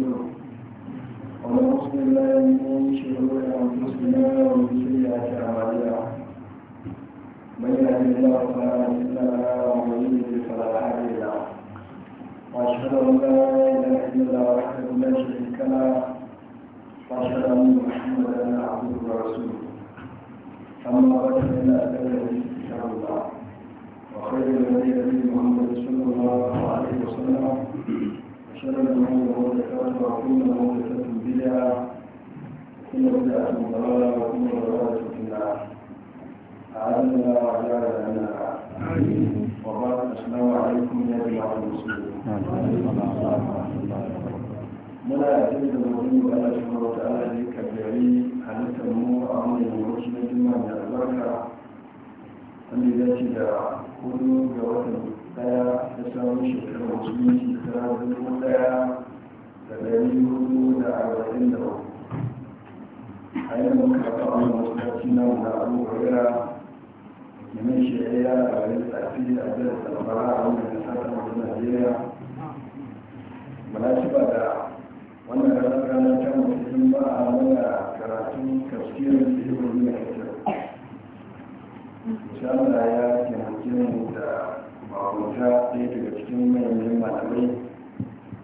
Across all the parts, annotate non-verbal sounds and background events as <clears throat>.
نستغفره ونعوذ بالله من شرور انفسنا ومن سيئات اعمالنا من يهد الله فلا مضل له ومن يضلل فلا هادي له واشهد ان لا اله الا الله وحده لا شريك له واشهد ان محمدا عبده ورسوله اما بعد فان اكثر الحديث كتاب الله وخير الهدي هدي محمد صلى الله عليه وسلم شر الأمور محدثاتها وكل محدثة بدعة وكل بدعة ضلالة وكل ضلالة في النار أعاذنا وأجارنا من السلام عليكم يا جماعة المسلمين muna yakin da wani wani cikin wata alaji kabiri halittar mu a wani yawanci na jima da albarka wanda ya ce da hudu ga watan daya da samun shekaru cikin shekara dubu daya da dari hudu da arba'in da a wani tsafi a a najeriya da wannan ranar ranar ta ba a karatun tafsirin da yi wani kasar. da abuja ɗaya daga cikin manyan malamai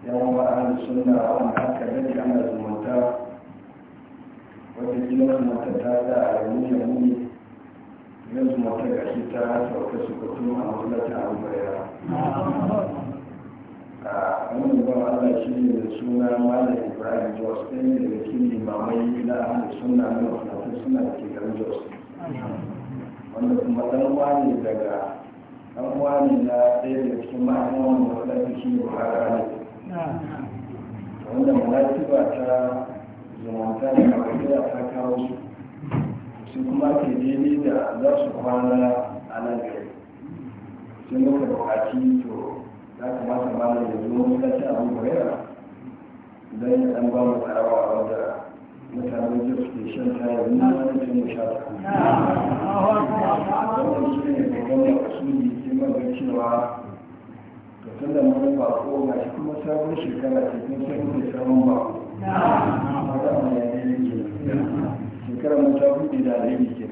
yawon ma'ana suna wanda aka daɗe ana zumunta wata kila zumunta ta za a yanzu ya muni na zumunta ga shi ta sauka su kutu a matsalata a baya a ba ban allah shi ne da suna malam ibrahim jos ɗaya daga cikin limamai na ahli suna na mafi suna da ke garin jos wanda kuma ɗan wani daga an wani na ɗaya da cikin ma'anin wanda wanda ake shi buhara ne wanda munasiba ta zumunta da kawai ta kawo su su kuma ke daidai da za su kwana a nan gari sai muka buƙaci to ya kamata malam ya zo muka ci abu hurairah don ya ɗan ba mu tsarawa wanda mutane da suke shan tayar na wani da wasu mun ba ko ga shi kuma sabon shekara ce kun sai kuma sabon ba ko ba za mu ya ne ke shekara mun ta buɗe da alheri ke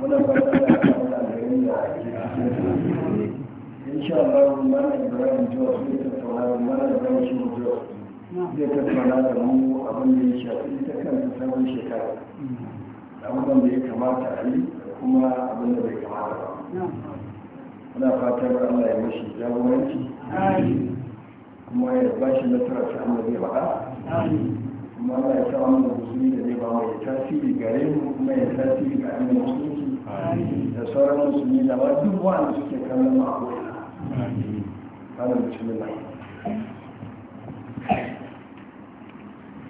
wannan ba ta da aka wani alheri da ke cikin insha Allah mana Ibrahim Jos ne ta tauraron mana Ibrahim Jos zai tattara da mu abin da ya shafi ta kanta sabon shekara da abubuwan da ya kamata a yi da kuma abin da bai kamata ba muna fatar allah ya mashi jagoranci kuma ya ba shi tura ta amma zai faɗa kuma allah ya sa wani musulmi da zai ba mai tasiri gare mu kuma ya tasiri ga ainihin musulunci da sauran musulmi da ba duk wani suke kallon ma'aikata. Amin. Kana bismillah.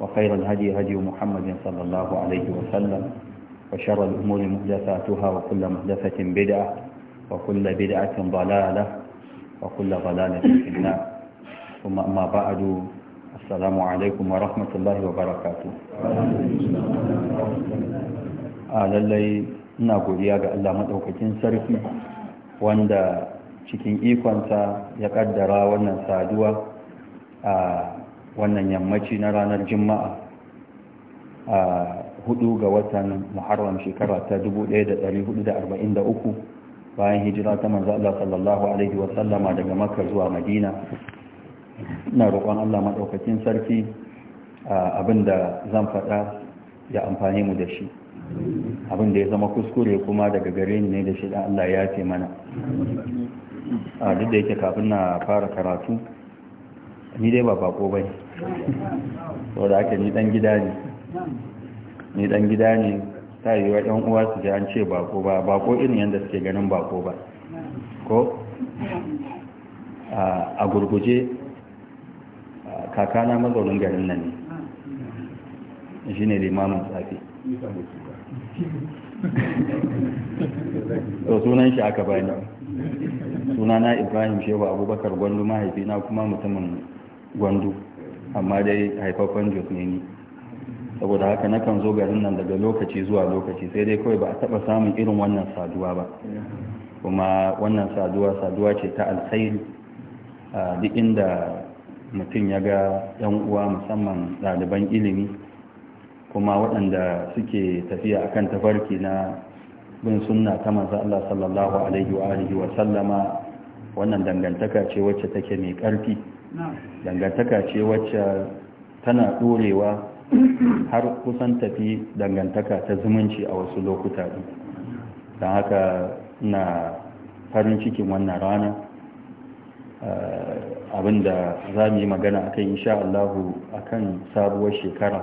وخير الهدي هدي محمد صلى الله عليه وسلم وشر الأمور محدثاتها وكل محدثة بدعة وكل بدعة ضلالة وكل ضلالة في النار ثم أما بعد السلام عليكم ورحمة الله وبركاته lallai ina godiya ga Allah maɗaukakin sarki wanda cikin ikonsa ya ƙaddara wannan saduwa a wannan yammaci na ranar juma'a a hudu ga watan muharram shekara ta 1443 bayan hijira ta manzo Allah sallallahu alaihi wa sallama daga makka zuwa madina ina roƙon Allah madaukakin sarki abinda zan faɗa ya amfane mu da shi abinda ya zama kuskure kuma daga gare ni ne da shi Allah ya ce mana a duk da yake kafin na fara karatu ni dai ba bako ba ne sau da aka ni dan gida ne ni dan gida ne ta yi wa ɗan uwa su ji an ce bako ba bako irin yadda suke ganin bako ba ko a gurguje kakana mazaunin garin nan ne shi ne limamin tsafi so sunan shi aka bani sunana ibrahim shehu abubakar gwandu mahaifina kuma mutumin gwandu amma dai haifafan jos ne ni saboda haka nakan zo garin nan daga lokaci zuwa lokaci sai dai kawai ba a taba samun irin wannan saduwa ba kuma wannan saduwa saduwa ce ta alkhairi a duk inda mutum ya ga yan uwa musamman ɗaliban ilimi kuma waɗanda suke tafiya akan tafarki na bin sunna ta maza Allah sallallahu alaihi wa wa sallama wannan dangantaka ce wacce take mai ƙarfi dangantaka ce wacce tana ɗorewa har kusan tafi dangantaka ta zumunci a wasu lokuta ɗin don haka na farin cikin wannan rana eh, abinda za mu yi magana akan insha Allahu akan sabuwar shekara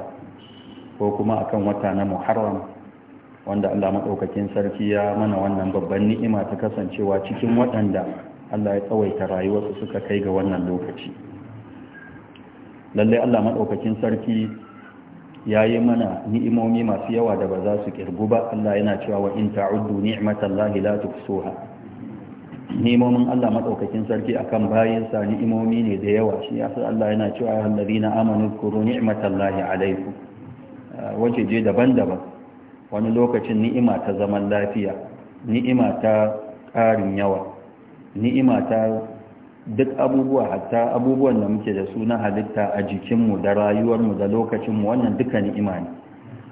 ko kuma akan wata na muharram wanda Allah maɗaukakin sarki ya mana wannan babban ni'ima ta kasancewa cikin waɗanda Allah ya tsawaita rayuwarsu suka kai ga wannan lokaci lallai Allah maɗaukakin sarki ya yi mana ni'imomi masu yawa da ba za su ƙirgu ba Allah yana cewa wa in ta'uddu ni'matallahi la tuhsuha ni'imomin Allah maɗaukakin sarki akan bayinsa ni'imomi ne da yawa shi yasa Allah yana cewa ya na amanu kuru ni'matallahi alaiku. Uh, wace je daban-daban wani lokacin ni'ima ta zaman lafiya ni'ima ta ƙarin yawa ni'ima ta duk abubuwa hatta abubuwan da muke da su na halitta a jikinmu da rayuwarmu da lokacinmu wannan duka ni'ima ne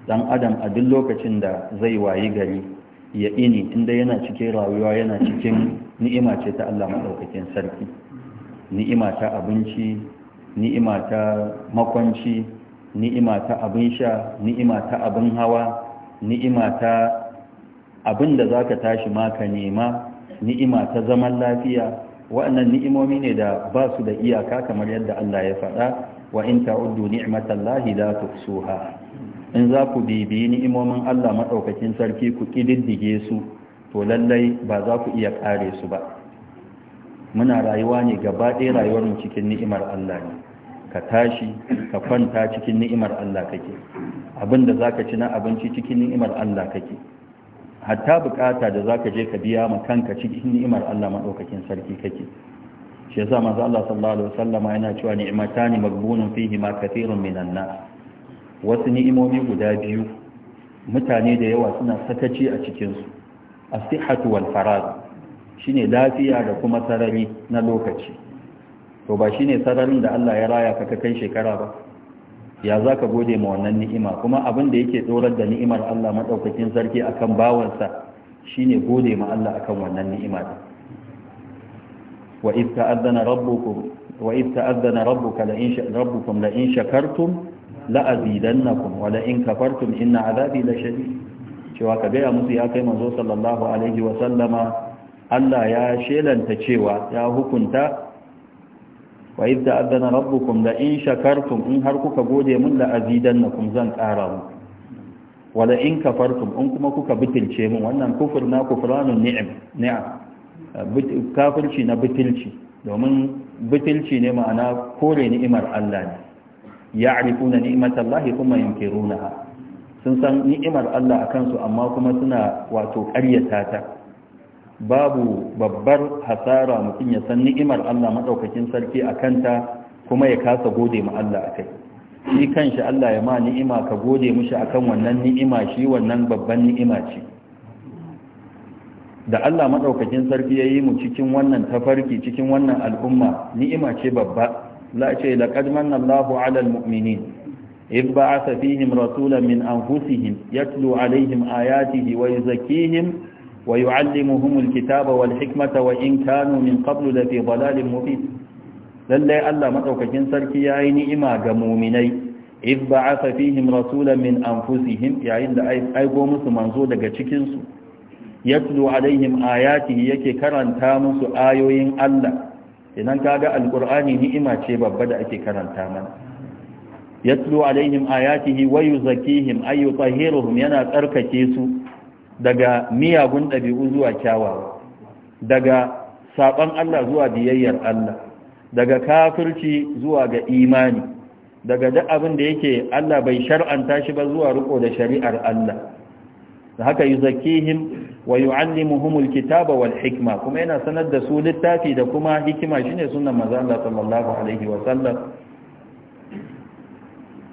dan adam a duk lokacin da zai wayi gari ya ini inda yana cikin rayuwa yana cikin ni'ima ce ta Allah madaukakin sarki ni'ima ta abinci ni'ima ta makwanci ni'ima ta abin sha ni'ima ta abin hawa ni'ima ta abin da zaka tashi maka nema ni'ima ta zaman lafiya wa'annan ni'imomi ne da ba su da iyaka kamar yadda Allah ya faɗa wa in ta'uddu ni'matallahi la tuhsuha in za ku bibiyi ni'imomin Allah madaukakin sarki ku kididdige su to lallai ba za ku iya kare su ba muna rayuwa ne gaba ɗaya rayuwar mu cikin ni'imar Allah ne ka tashi ka kwanta cikin ni'imar Allah kake abinda zaka ci na abinci cikin ni'imar Allah kake hatta bukata da za ka je ka biya ma kanka cikin ni'imar Allah madaukakin sarki kake shi yasa manzo Allah sallallahu alaihi wasallama yana cewa ni'matani magbunun fihi ma kathirun minan nas wasu ni'imomi guda biyu mutane da yawa suna sakaci a cikin su as-sihhatu wal farag shine lafiya da kuma sarari na lokaci to ba shine sararin da Allah ya raya ka kai shekara ba ya za ka gode ma wannan ni'ima kuma abin da yake tsorar da ni'imar Allah maɗaukakin sarki a kan bawansa shine gode ma Allah a kan wannan ni'ima da wa iz ta'azzana rabbukum wa iz ta'azzana rabbuka la in rabbukum la in shakartum la wa la in kafartum inna azabi la shadid cewa ka gaya musu ya kai manzo sallallahu alaihi wa sallama Allah ya shelanta cewa ya hukunta wa da adana rabbukum da in shakartum in har kuka gode min la azidannakum zan kara mu wala in kafartum in kuma kuka bitilce min wannan kufur na kufranun ni'am ni'am kafirci na bitilci domin bitilci ne ma'ana kore ni'imar Allah ne ya'rifuna ni'matallahi kuma yunkirunaha sun san ni'imar Allah akan su amma kuma suna wato ƙaryata ta babu babbar hasara mutum ya san ni'imar Allah Maɗaukakin sarki a kanta kuma ya kasa gode ma Allah akai shi kanshi Allah ya ma ni'ima ka gode a akan wannan ni'ima shi wannan babban ni'ima ce da Allah maɗaukakin sarki ya yi mu cikin wannan tafarki cikin wannan al'umma ni'ima ce babba la ce laqad manna Allahu 'alal mu'minin idh ba'atha fihim rasulan min anfusihim yatlu 'alayhim ayatihi wa yuzakkihim ويعلمهم الكتاب والحكمة وإن كانوا من قبل لفي ضلال مبين lallai Allah madaukakin sarki yayi ni'ima ga mu'minai iz ba'atha fihim rasulan min anfusihim yayin da aiko musu manzo daga cikin su yatlu alaihim ayatihi yake karanta musu ayoyin Allah idan kaga alqur'ani ni'ima ce babba da ake karanta mana yatlu alaihim ayatihi wa yuzakkihim ay yutahhiruhum yana tsarkake su daga miyagun ɗabi'u zuwa kyawawa daga saɓon Allah zuwa biyayyar Allah daga kafirci zuwa ga imani daga duk abin da yake Allah bai shar'anta shi ba zuwa riko da shari'ar Allah da haka yi yuzakkihim wa yu'allimuhumul kitaba wal hikma kuma yana sanar da su littafi da kuma hikima shine sunan maza Allah sallallahu alaihi wasallam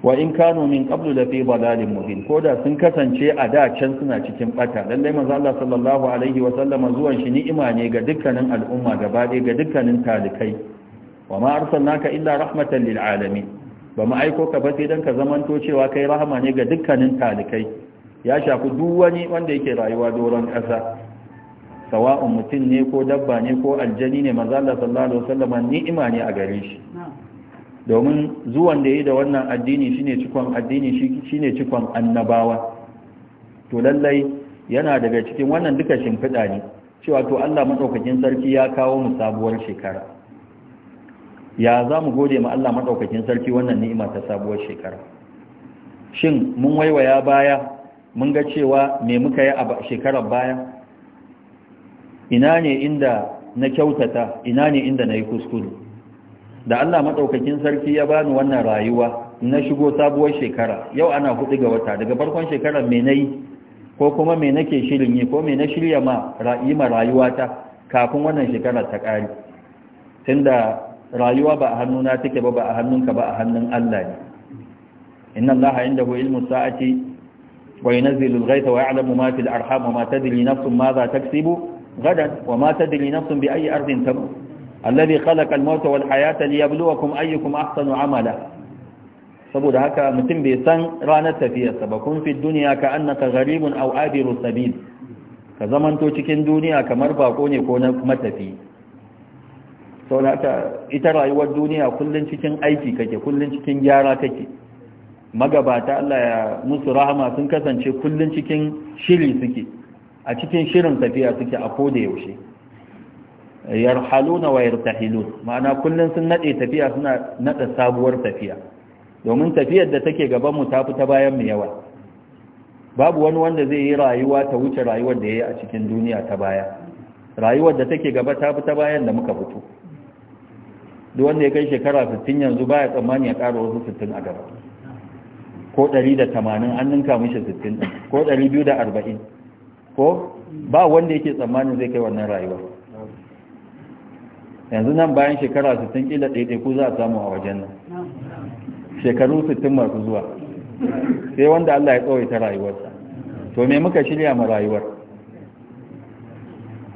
wa in kanu min qablu la fi dalalin mubin koda sun kasance a da can suna cikin bata lallai manzo Allah sallallahu alaihi wa sallama zuwan shi ni'ima ne ga dukkanin al'umma gaba ɗaya ga dukkanin talikai wa ma arsalnaka illa rahmatan lil alamin ba mu aiko ka ba sai dan ka zamanto cewa kai rahama ne ga dukkanin talikai ya shafi duk wani wanda yake rayuwa doron ƙasa sawa'un mutum ne ko dabba ne ko aljani ne manzo Allah sallallahu alaihi wa sallama ni'ima ne a gare shi domin zuwan da yi da wannan addini shine cikon addini shine cikon annabawa to lallai yana daga cikin wannan duka shimfiɗa ne cewa to Allah madaukakin sarki ya kawo mu sabuwar shekara ya za mu gode ma Allah madaukakin sarki wannan ni'ima ta sabuwar shekara shin mun waiwaya baya mun ga cewa me muka yi a shekarar baya ina ne inda na kyautata ina ne inda na yi kuskure da Allah maɗaukakin sarki ya bani wannan rayuwa na shigo sabuwar shekara yau ana hudu ga wata daga farkon shekarar me yi? ko kuma me nake shirin yi ko me na shirya ma ra'ima rayuwata kafin wannan shekarar ta kare tunda rayuwa ba a hannuna take ba ba a hannunka ba a hannun Allah ne inna Allah indahu ilmu sa'ati wa yunzilu al-ghaytha wa ya'lamu ma fil arham wa ma tadri nafsun madha taksubu gadan wa ma tadri nafsun bi ayyi ardin tamut alladhi khalaqa al-mauta wal hayata liyabluwakum ayyukum ahsanu amala saboda haka mutum bai san ranar tafiyarsa ba kun fi duniya ka annaka gharibun aw abiru sabil ka zamanto cikin duniya kamar bako ne ko na matafi saboda haka ita rayuwar duniya kullun cikin aiki kake kullun cikin gyara kake magabata Allah ya musu rahama sun kasance kullun cikin shiri suke a cikin shirin tafiya suke a koda yaushe yarhaluna wa yartahilun ma'ana kullun sun nade tafiya suna nada sabuwar tafiya domin tafiyar da take gaban mu tafi ta bayan mu yawa babu wani wanda zai yi rayuwa ta wuce rayuwar da yayi a cikin duniya ta baya rayuwar da take gaba tafi ta bayan da muka fito duk wanda ya kai shekara 60 yanzu baya tsammani ya karo wasu 60 a gaba ko 180 an ninka mishi 60 ko 240 ko ba wanda yake tsammanin zai kai wannan rayuwar yanzu nan bayan shekara 60 kila ku za a samu a wajen nan shekaru 60 masu zuwa sai wanda Allah ya tsawaita rayuwarsa to me muka shirya ma rayuwar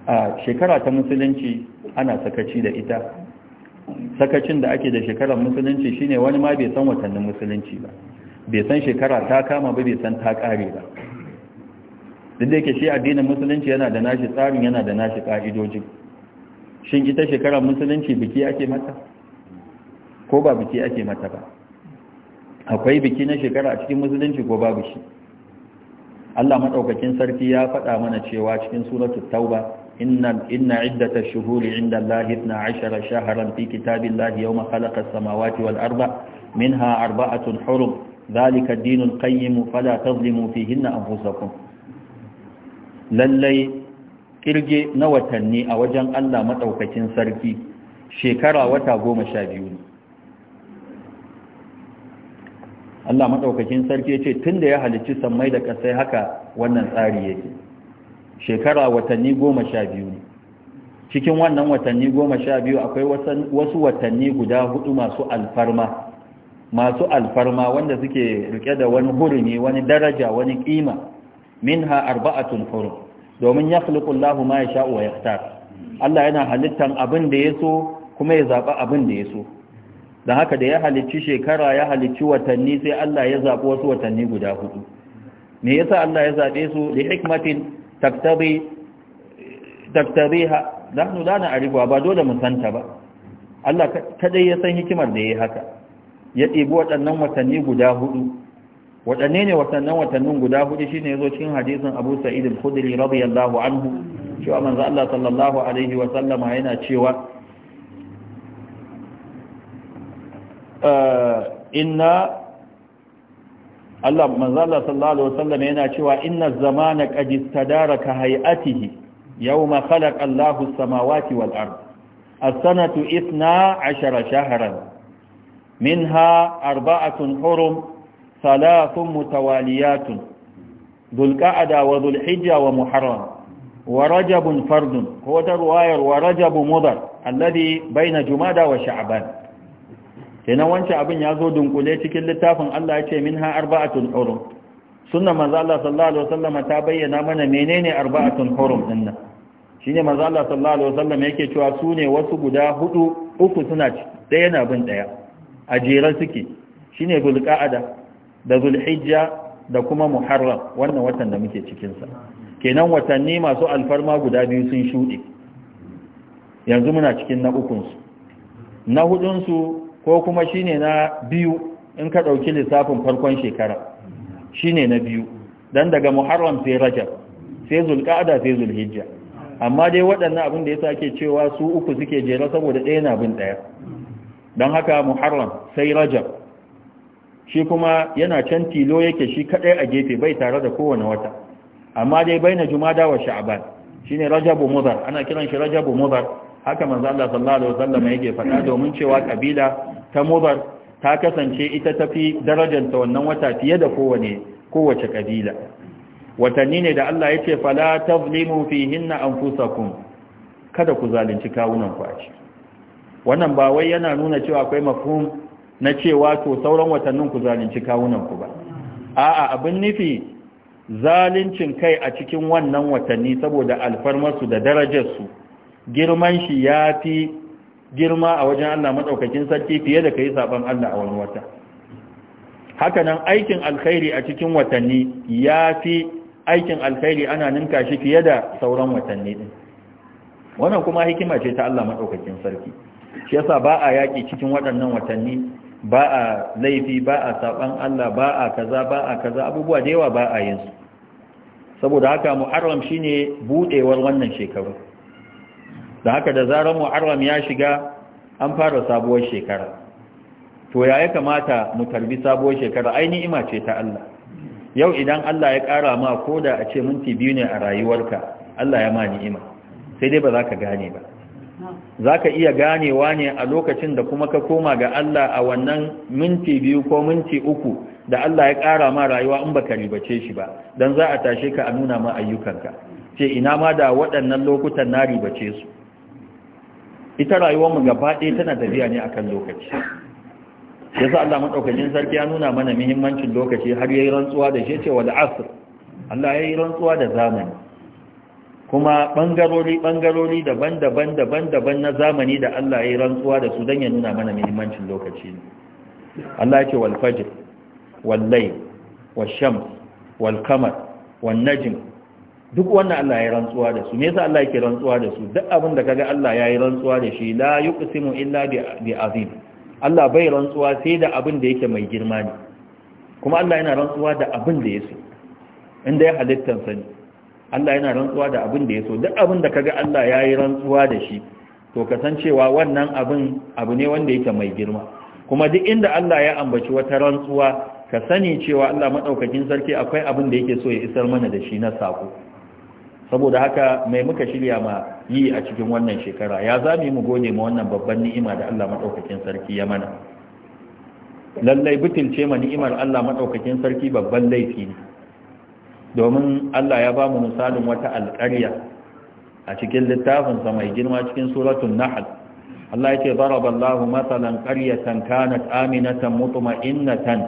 a shekara ta musulunci ana sakaci da ita sakacin da ake da shekarar musulunci shine wani ma bai san watannin musulunci ba bai san shekara ta kama ba bai san ta kare ba duk da yake shi addinin musulunci yana da nashi tsarin yana da nashi ka'idoji shin ita shekarar musulunci biki ake mata ko ba biki ake mata ba akwai biki na shekara a cikin musulunci ko babu shi Allah madaukakin sarki ya faɗa mana cewa cikin suratul tauba inna inna iddatash shuhuri inda Allah 12 shahran fi kitabillahi yawma khalaqa as-samawati wal arda minha arba'atun hurum dhalika ad-dinul qayyim fala tadhlimu fihinna anfusakum lallai kirge na watanni a wajen Allah maɗaukakin sarki shekara wata goma sha biyu ne Allah maɗaukakin sarki ya ce tun da ya halicci sammai da ƙasai haka wannan tsari yake shekara watanni goma sha biyu ne cikin wannan watanni goma sha biyu akwai wasu watanni guda hudu masu alfarma masu alfarma wanda suke rike da wani hurumi wani daraja wani kima minha arba'atun hurum domin ya khuluqullahu ma ya yasha wa yaqtar Allah yana halittan abin da ya so kuma ya zaba abin da ya so. dan haka da ya halicci shekara ya halicci watanni sai Allah ya zaɓi wasu watanni guda hudu me yasa Allah ya zaɓe su Da hikmatin taktabi taktabiha nahnu la na'rifu ba dole mu santa ba Allah kadai ya san hikimar da ya yi haka ya ɗebi waɗannan watanni guda hudu waɗanne ne watannan watannin guda hudu shine yazo cikin hadisin Abu Sa'id al-Khudri radiyallahu anhu cewa manzo Allah sallallahu alaihi wa sallama yana cewa ah, inna Allah manzo Allah sallallahu alaihi wa sallama yana cewa inna zamana qad istadara ka hay'atihi yawma khalaqa Allahu as-samawati wal ard as-sanatu 12 shahran minha hurum ثلاث متواليات ذو القعدة وذو الحجة ومحرم ورجب فرد هو رواية ورجب مضر الذي بين جمادى وشعبان kenan wancan abin ya zo dunkule cikin littafin Allah ya ce minha arba'atul hurum sunnan manzo Allah sallallahu alaihi wasallam ta bayyana mana menene arba'atul hurum din nan shine manzo Allah sallallahu alaihi wasallam yake cewa su ne wasu guda hudu uku suna daya na bin daya a jere suke shine zulqa'ada da zulhijja da kuma muharram wannan watan da muke cikinsa kenan watanni masu alfarma guda biyu sun shuɗe yanzu muna cikin na ukunsu na hudunsu ko kuma shine na biyu in ka ɗauki lissafin farkon shekara shine na biyu don daga muharram sai rajab sai zulƙada sai zulhijja amma dai waɗannan abin da ya sake cewa su uku suke jera saboda ɗaya na bin ɗaya don haka muharram sai rajab shi kuma yana can tilo yake shi kadai a gefe bai tare da kowane wata amma dai baina jumada wa sha'ban shine rajabu mudhar ana kiran shi rajabu mudhar haka manzo Allah sallallahu alaihi wasallam yake faɗa domin cewa kabila ta mudhar ta kasance ita tafi darajar ta wannan wata fiye da kowane kowace kabila watanni ne da Allah yake fala tazlimu fihinna anfusakum kada ku zalunci kawunan ku a wannan ba wai yana nuna cewa akwai mafhum na cewa to sauran watannin ku zalunci kawunanku ba a'a abin nufi zaluncin kai a cikin wannan watanni saboda alfarmarsu da darajarsu girman shi ya fi girma a wajen Allah maɗaukakin sarki fiye da kai saban Allah a wani wata hakanan aikin alkhairi a cikin watanni ya fi aikin alkhairi ana ninka shi fiye da sauran watanni ɗin wannan kuma hikima ce ta Allah maɗaukakin sarki shi yasa ba a yaki cikin waɗannan watanni ba a laifi ba a saban Allah ba a kaza ba a kaza abubuwa da yawa ba a yin su saboda haka muharram shine budewar wannan shekaru da haka da zarar muharram ya shiga an fara sabuwar shekara to ya yi kamata mu tarbi sabuwar shekara ai ni'ima ce ta Allah yau idan Allah ya kara ma koda a ce minti biyu ne a rayuwarka Allah ya ma ni'ima sai dai ba za ka gane ba zaka iya ganewa ne a lokacin da kuma ka koma ga Allah a wannan minti biyu ko minti uku da Allah ya ƙara ma rayuwa in baka ribace shi ba don za a tashe ka a nuna ma ayyukanka ce ina ma da waɗannan lokutan na ribace su ita rayuwarmu gaba ɗaya tana tafiya ne akan lokaci ya sa Allah maɗaukakin sarki ya nuna mana muhimmancin lokaci har ya yi rantsuwa da shi ce wa da Allah ya yi rantsuwa da zamani kuma ɓangarori bangarori daban-daban daban-daban na zamani da Allah ya yi rantsuwa da su don ya nuna mana muhimmancin lokaci ne Allah ya ce wal fajr wal layl wal duk wannan Allah ya yi rantsuwa da su me yasa Allah ke rantsuwa da su duk abin da kaga Allah ya yi rantsuwa da shi la yuqsimu illa bi azim Allah bai rantsuwa sai da abin da yake mai girma ne kuma Allah yana rantsuwa da abin da so. inda ya halittar sani Allah yana rantsuwa da abin da ya so duk abin da kaga Allah ya yi rantsuwa da shi to kasancewa wannan abin abu ne wanda yake mai girma kuma duk inda Allah ya ambaci wata rantsuwa ka sani cewa Allah madaukakin sarki akwai abin da yake so ya isar mana da shi na sako saboda haka mai muka shirya ma yi a cikin wannan shekara ya zami mu gode ma wannan babban ni'ima da Allah madaukakin sarki ya mana lallai butulce ma ni'imar Allah madaukakin sarki babban laifi ne domin Allah ya ba mu misalin wata alƙarya a cikin littafinsa mai girma cikin suratun nahal Allah ya ce zaraballahu matsalan ƙaryatan kanat aminatan mutuma'innatan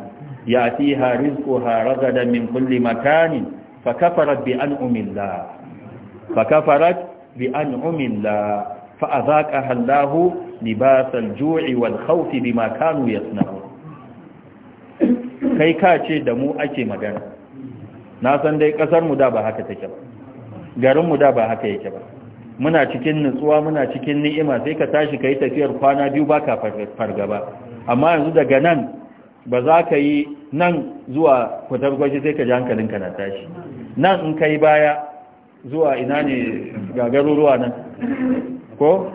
ya'tiha rizquha ragadan min kulli makanin fakafarat bi an'umillah fakafarat bi an'umillah فأذاقها الله لباس الجوع والخوف بما kai ka ce da mu ake magana na san dai kasar mu da ba haka take ba garin mu da ba haka yake ba muna cikin nutsuwa muna cikin ni'ima sai ka tashi kai tafiyar kwana biyu ba ka fargaba amma yanzu daga nan ba za ka yi nan zuwa kwashi-kwashi, sai ka ji hankalinka na tashi nan in kai baya zuwa ina ne gagaruruwa nan ko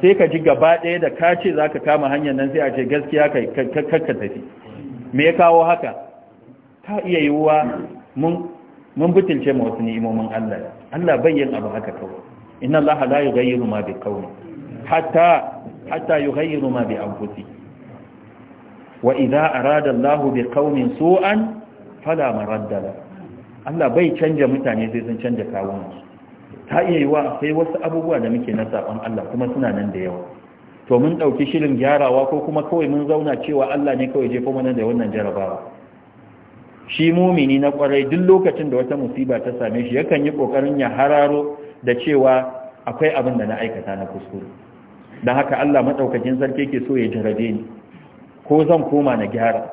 sai ka ji gaba ɗaya da ka ce za ka kama hanyar nan sai a ce gaskiya ka tafi me ya kawo haka ta iya yiwuwa mun butulce ma wasu ni'imomin Allah Allah bayyan abu haka kawai inna Allah la yughayyiru ma bi qawmin hatta hatta yughayyiru ma bi anfusi wa idza arada Allah bi qaumin su'an fala maradda la Allah bai canja mutane sai sun canja kawunansu ta iya yiwa sai wasu abubuwa da muke na sabon Allah kuma suna nan da yawa to mun dauki shirin gyarawa ko kuma kawai mun zauna cewa Allah ne kawai jefo mana da wannan jarabawa shi mumini na kwarai duk lokacin da wata musiba ta same shi yakan yi kokarin ya hararo da cewa akwai abin da na aikata na kuskure don haka Allah madaukakin sarki ke so ya jarabe ni ko zan koma na gyara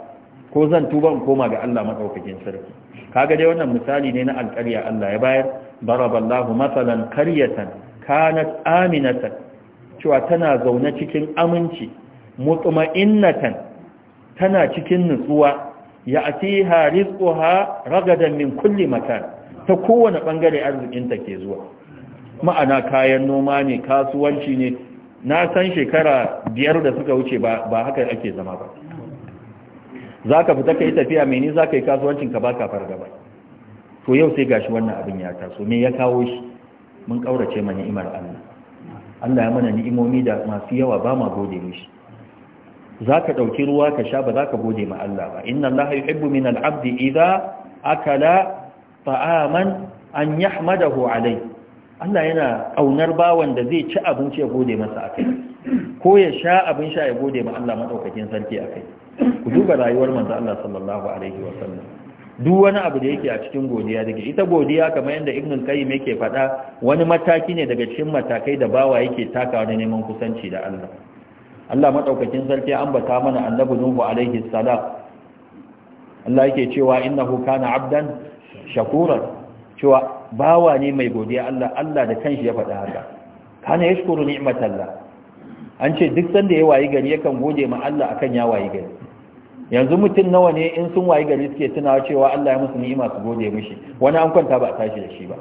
ko zan tuba in koma ga Allah madaukakin sarki kaga dai wannan misali ne na alƙarya Allah ya bayar daraballahu masalan qaryatan kanat aminatan cewa tana zaune cikin aminci mutma'innatan tana cikin nutsuwa ya atiha rizquha ragadan min kulli makan ta kowane ɓangare arzikin ta ke zuwa ma'ana kayan noma ne kasuwanci ne na san shekara biyar da suka wuce ba ba haka ake zama ba za ka fita ka yi tafiya mai ni ka yi kasuwancin ka baka fargaba to yau sai gashi wannan abin ya taso me ya kawo shi mun kaurace ma ni'imar Allah Allah ya mana ni'imomi da masu yawa ba ma gode mishi za ka ɗauki ruwa ka sha ba za ka gode ma Allah ba inna Allah ya yi min al’abdi idan aka akala fa'aman an yahmadahu alai Allah yana ƙaunar bawan da zai ci abinci ya gode masa akai ko ya sha abin sha ya gode ma Allah maɗaukakin sarki akai ku duba rayuwar manzo Allah sallallahu alaihi wa duk wani abu da yake a cikin godiya daga ita godiya kamar yadda Ibn al-Qayyim yake faɗa wani mataki ne daga cikin matakai da bawa yake takawa da neman kusanci da Allah Allah madaukakin sarki ambata mana annabi Nuhu alaihi salam Allah yake cewa innahu kana abdan shakuran cewa bawa ne mai godiya Allah Allah da kanshi ya faɗa haka kana yashkuru ni'matallah an ce duk sanda ya wayi gari yakan gode ma Allah akan ya wayi gari yanzu mutum nawa ne in sun wayi gari suke tunawa cewa Allah ya musu ni'ima su gode mishi wani an kwanta ba a tashi da shi ba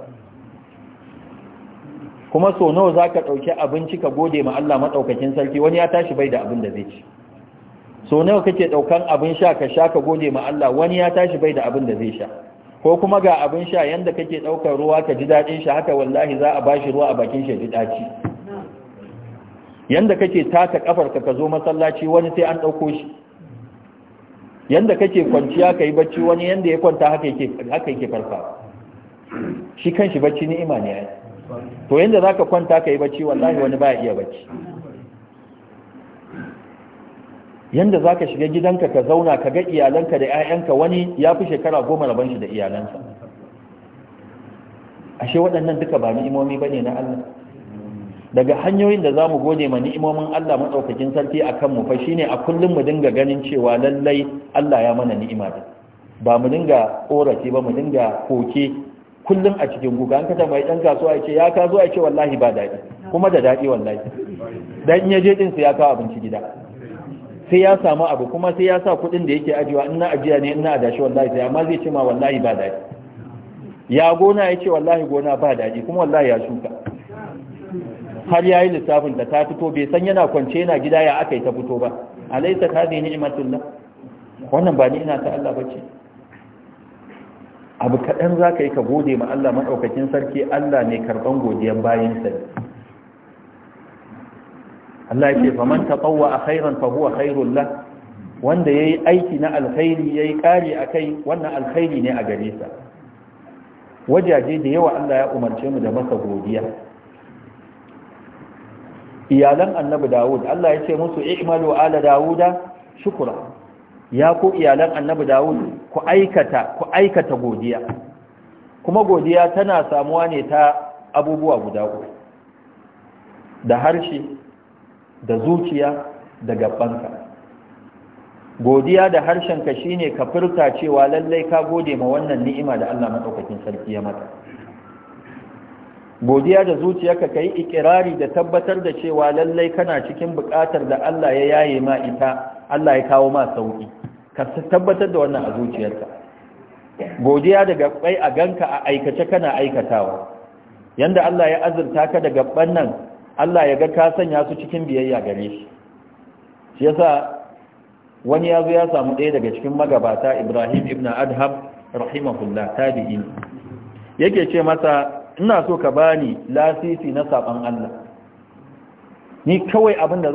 kuma so nawa za ka ɗauki abinci ka gode ma Allah maɗaukakin sarki wani ya tashi bai da abin da zai ci so nawa kake ɗaukan abin sha ka sha ka gode ma Allah wani ya tashi bai da abin da zai sha ko kuma ga abin sha yanda kake ɗaukar ruwa ka ji daɗin shi haka wallahi za a bashi ruwa a bakin shi ji ɗaci yanda kake taka kafar ka ka zo masallaci wani sai an ɗauko shi yanda kake kwanciya ka yi bacci wani yanda ya kwanta haka yake farfa shi kan shi bacci ni'ima ne yi to yadda za ka kwanta ka yi bacci wallahi wani ba iya bacci Yadda za ka shiga gidanka ka zauna ka ga iyalanka da 'ya'yanka wani ya fi shekara goma rabon shi da iyalansa ashe waɗannan duka ba ni'imomi ba ne na Allah daga hanyoyin da za mu gode ma ni'imomin Allah matsaukakin sarki a kanmu fa ne a kullum mu dinga ganin cewa lallai Allah ya mana ni'ima ba mu dinga ƙorafi ba mu dinga koke kullum a cikin guga an kada mai dan kasuwa ya ce ya ka zo ce wallahi ba daɗi kuma da daɗi wallahi dan in yaje je din sai ya kawo abinci gida sai ya samu abu kuma sai ya sa kuɗin da yake ajiwa in na ajiya ne in na adashi wallahi sai amma zai ce ma wallahi ba daɗi ya gona ya ce wallahi gona ba daɗi kuma wallahi ya shuka har yayi lissafin da ta fito bai san yana kwance yana gida ya aka yi ta fito ba alaysa hadhihi ni'matullah wannan ba ni ina ta Allah bace abu kaɗan za ka yi ka gode ma Allah maɗaukakin sarki Allah ne karɓan godiyan bayansa Allah ya ce faman taɓawa a khairan fa huwa khairul la wanda yayi aiki na alkhairi yayi a akai wannan alkhairi ne a gare sa wajaje da yawa Allah ya umarce mu da masa godiya iyalan annabi Dawud Allah ya ce musu i'malu ala Dawuda shukura ya ku iyalan annabi dawud ku aikata ku aikata godiya kuma godiya tana samuwa ne ta abubuwa guda uku da harshe da zuciya da ka. godiya da harshenka shine ka furta cewa lallai ka gode ma wannan ni'ima da Allah madaukakin sarki ya mata godiya da zuciyarka kai ikirari da tabbatar da cewa lallai kana cikin buƙatar da Allah ya yaye ma ita Allah ya kawo ma sauki ka tabbatar da wannan a zuciyarka godiya daga bai a ganka a aikace kana aikatawa yanda Allah ya azurta ka daga bannan nan Allah ya ga ka sanya su cikin biyayya gare shi shi yasa wani ya zo ya samu ɗaya daga cikin magabata Ibrahim ibn Adham rahimahullah tabi'i yake ce masa ina so ka bani lasisi na saban Allah ni kawai abin da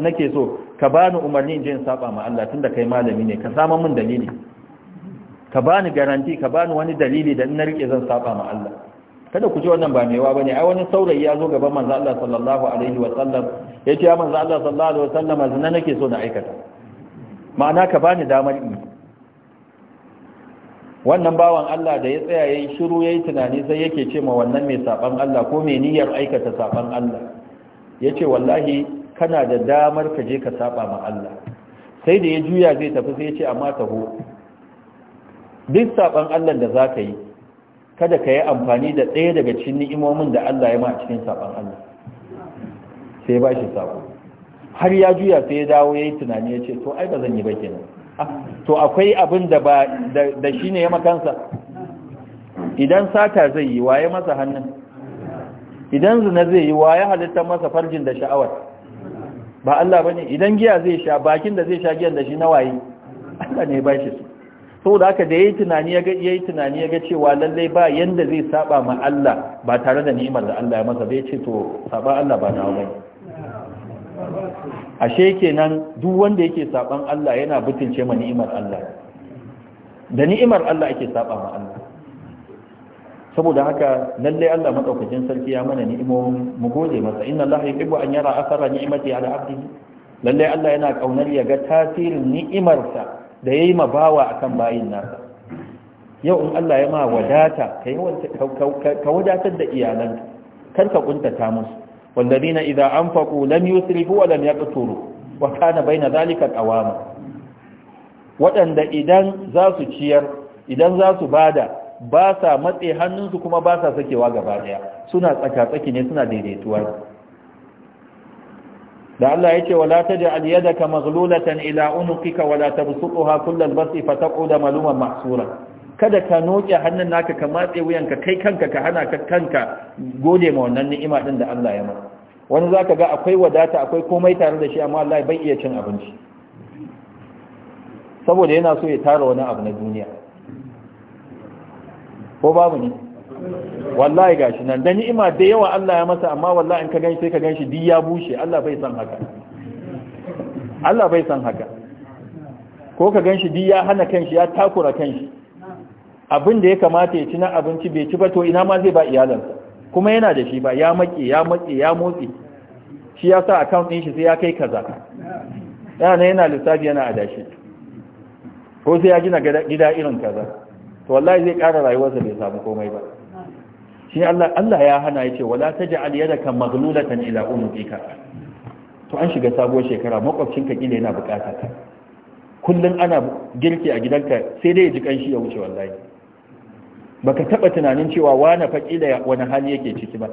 nake so ka bani umarni in je in saba ma Allah tunda kai malami ne ka samu min dalili ka bani garanti ka bani wani dalili da in na rike zan saba ma Allah kada ku ji wannan ba mewa bane ai wani saurayi ya zo gaban manzo Allah sallallahu alaihi wa sallam yace ya manzo Allah sallallahu alaihi wa sallam azna nake so na aikata ma'ana ka bani damar in wannan bawan Allah da ya tsaya yayin shiru yayi tunani sai yake ce ma wannan mai saban Allah ko mai niyyar aikata saban Allah yace wallahi kana da damar ka je ka saba ma Allah sai da ya juya zai tafi sai ya ce amma taho duk saban Allah da za ka yi kada ka yi amfani da ɗaya daga cikin ni'imomin da Allah ya ma a cikin saban Allah sai ba shi sako har ya juya sai ya dawo ya yi tunani ya ce to ai ba zan yi ba kenan ah, to akwai abin da ba da shi ne ya makansa idan sata zai yi waye masa hannun idan zina zai yi waye halittar masa farjin da sha'awar ba Allah bane idan giya zai sha bakin da zai sha giyan da shi na waye Allah ne ba shi su saboda haka da yayi tunani ya ga yayi tunani ya ga cewa lalle ba yanda zai saba ma Allah ba tare da ni'imar da Allah ya masa bai ce to saba Allah ba nawa bane ashe kenan duk wanda yake saban Allah yana butulce ma ni'imar Allah da ni'imar Allah ake saba ma Allah saboda haka lalle Allah madaukakin sarki ya mana ni'imomin mu gode masa inna Allah yuhibbu an yara athara ni'mati ala abdihi lalle Allah yana kaunar ya ga tasirin ni'imarsa da yayi ma bawa akan bayin nasa yau in Allah ya ma wadata ka wadatar da iyalanka kar ka kuntata musu walladina idza anfaqu lam yusrifu wa lam yaqturu wa kana baina zalika qawama waɗanda idan za su ciyar idan za su bada ba sa matse hannunsu kuma ba sa sakewa gaba daya suna tsaka-tsaki ne suna daidaituwa da Allah ya ce wala da aliyadaka maglulatan ila unuqika wala tabsuha kullal basi fataqud maluman mahsura kada ka noke hannun naka ka matse wuyanka kai kanka ka hana ka kanka gode ma wannan ni'ima din da Allah ya maka wani zaka ga akwai wadata akwai komai tare da shi amma Allah bai iya cin abinci saboda yana so ya tara wani abu na duniya ko babu ne wallahi gashi nan da ni'ima da yawa Allah ya masa amma wallahi in ka ganshi sai ka shi di ya bushe Allah bai san haka Allah bai san haka ko ka ganshi di ya hana kanshi ya takura kanshi abin da ya kamata ya ci na abinci bai ci ba to ina ma zai ba iyalansa kuma yana da shi ba ya maƙe ya maki ya motsi shi ya sa account ɗin shi sai ya kai kaza yana yana lissafi yana adashi ko sai ya gina gida irin kaza to wallahi zai ƙara rayuwarsa bai samu komai ba shi Allah Allah ya hana yace wala taj'al yadaka maghlulatan ila unuqika to an shiga sabuwar shekara makwabcinka kila yana bukata ka kullun ana girki a gidanka sai dai ji kanshi ya wuce wallahi baka taba tunanin cewa wani fakila wani hali yake ciki ba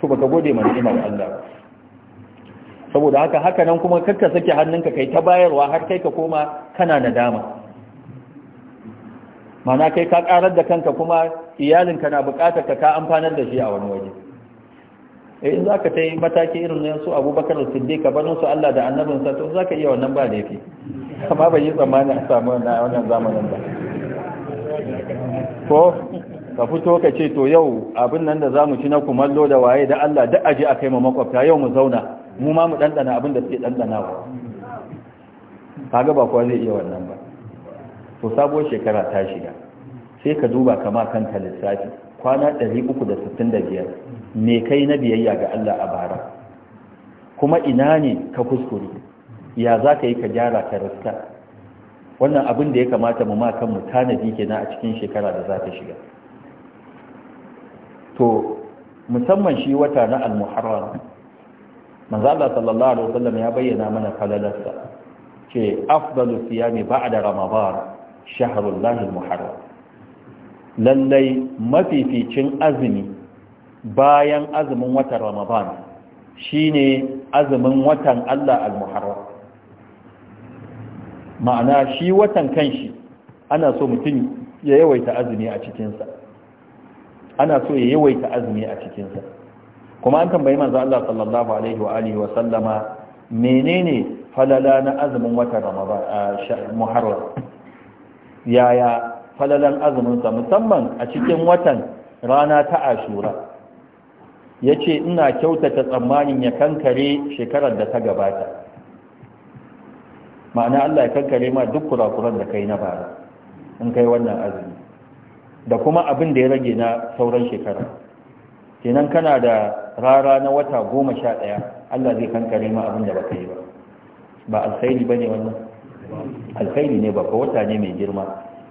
to baka gode ma ni'imar Allah saboda haka haka nan kuma kakka sake hannunka kai ta bayarwa har kai ka koma kana nadama mana kai ka karar da kanka kuma iyalinka na bukatar ka ka amfanar da shi a wani waje eh, in za ka tai mataki irin na su abubakar siddiq ka banin su Allah da annabin sa to za ka iya wannan ba da yake amma ban yi tsammani a samu na wannan zamanin ba ko ka fito ka ce to yau abin nan da zamu ci na kumallo da waye da Allah duk aje akai mu makwabta yau mu zauna mu ma mu dandana abin da suke dandanawa kaga ba kwa zai iya wannan ba to sabuwar shekara ta shiga sai ka duba kama kanka lissafi kwana 365 me kai na biyayya ga Allah a bara kuma ina ne ka kuskure ya za ka yi ka gyara ka riska wannan abin da ya kamata mu makan mu tanadi kenan a cikin shekara da za ta shiga to musamman shi wata na al-muharram manzo Allah sallallahu alaihi wasallam ya bayyana mana falalarsa ce afdalu siyami ba'da ramadan shaharullahi muharram lallai mafificin azumi bayan azumin watan ramadan shine azumin watan Allah al-muharram ma'ana shi watan kanshi ana so mutum ya yawaita azumi a cikinsa ana so ya yawaita azumi a cikinsa kuma an tambayi manzo Allah sallallahu alaihi wa alihi wa sallama menene falala na azumin watan Ramadan ah, Muharram yaya falalan azuminsa musamman a cikin watan rana ta ashura ya ce ina kyautata tsammanin ya kankare shekarar da ta gabata ma'ana Allah ya kankare ma duk kurakuran da kai na bara in kai wannan azumi da kuma abin da ya rage na sauran shekara kenan kana da rara na wata goma sha ɗaya Allah zai kankare ma abin da ba yi ba ba alkhairi ba ne wannan alkhairi ne babba wata ne mai girma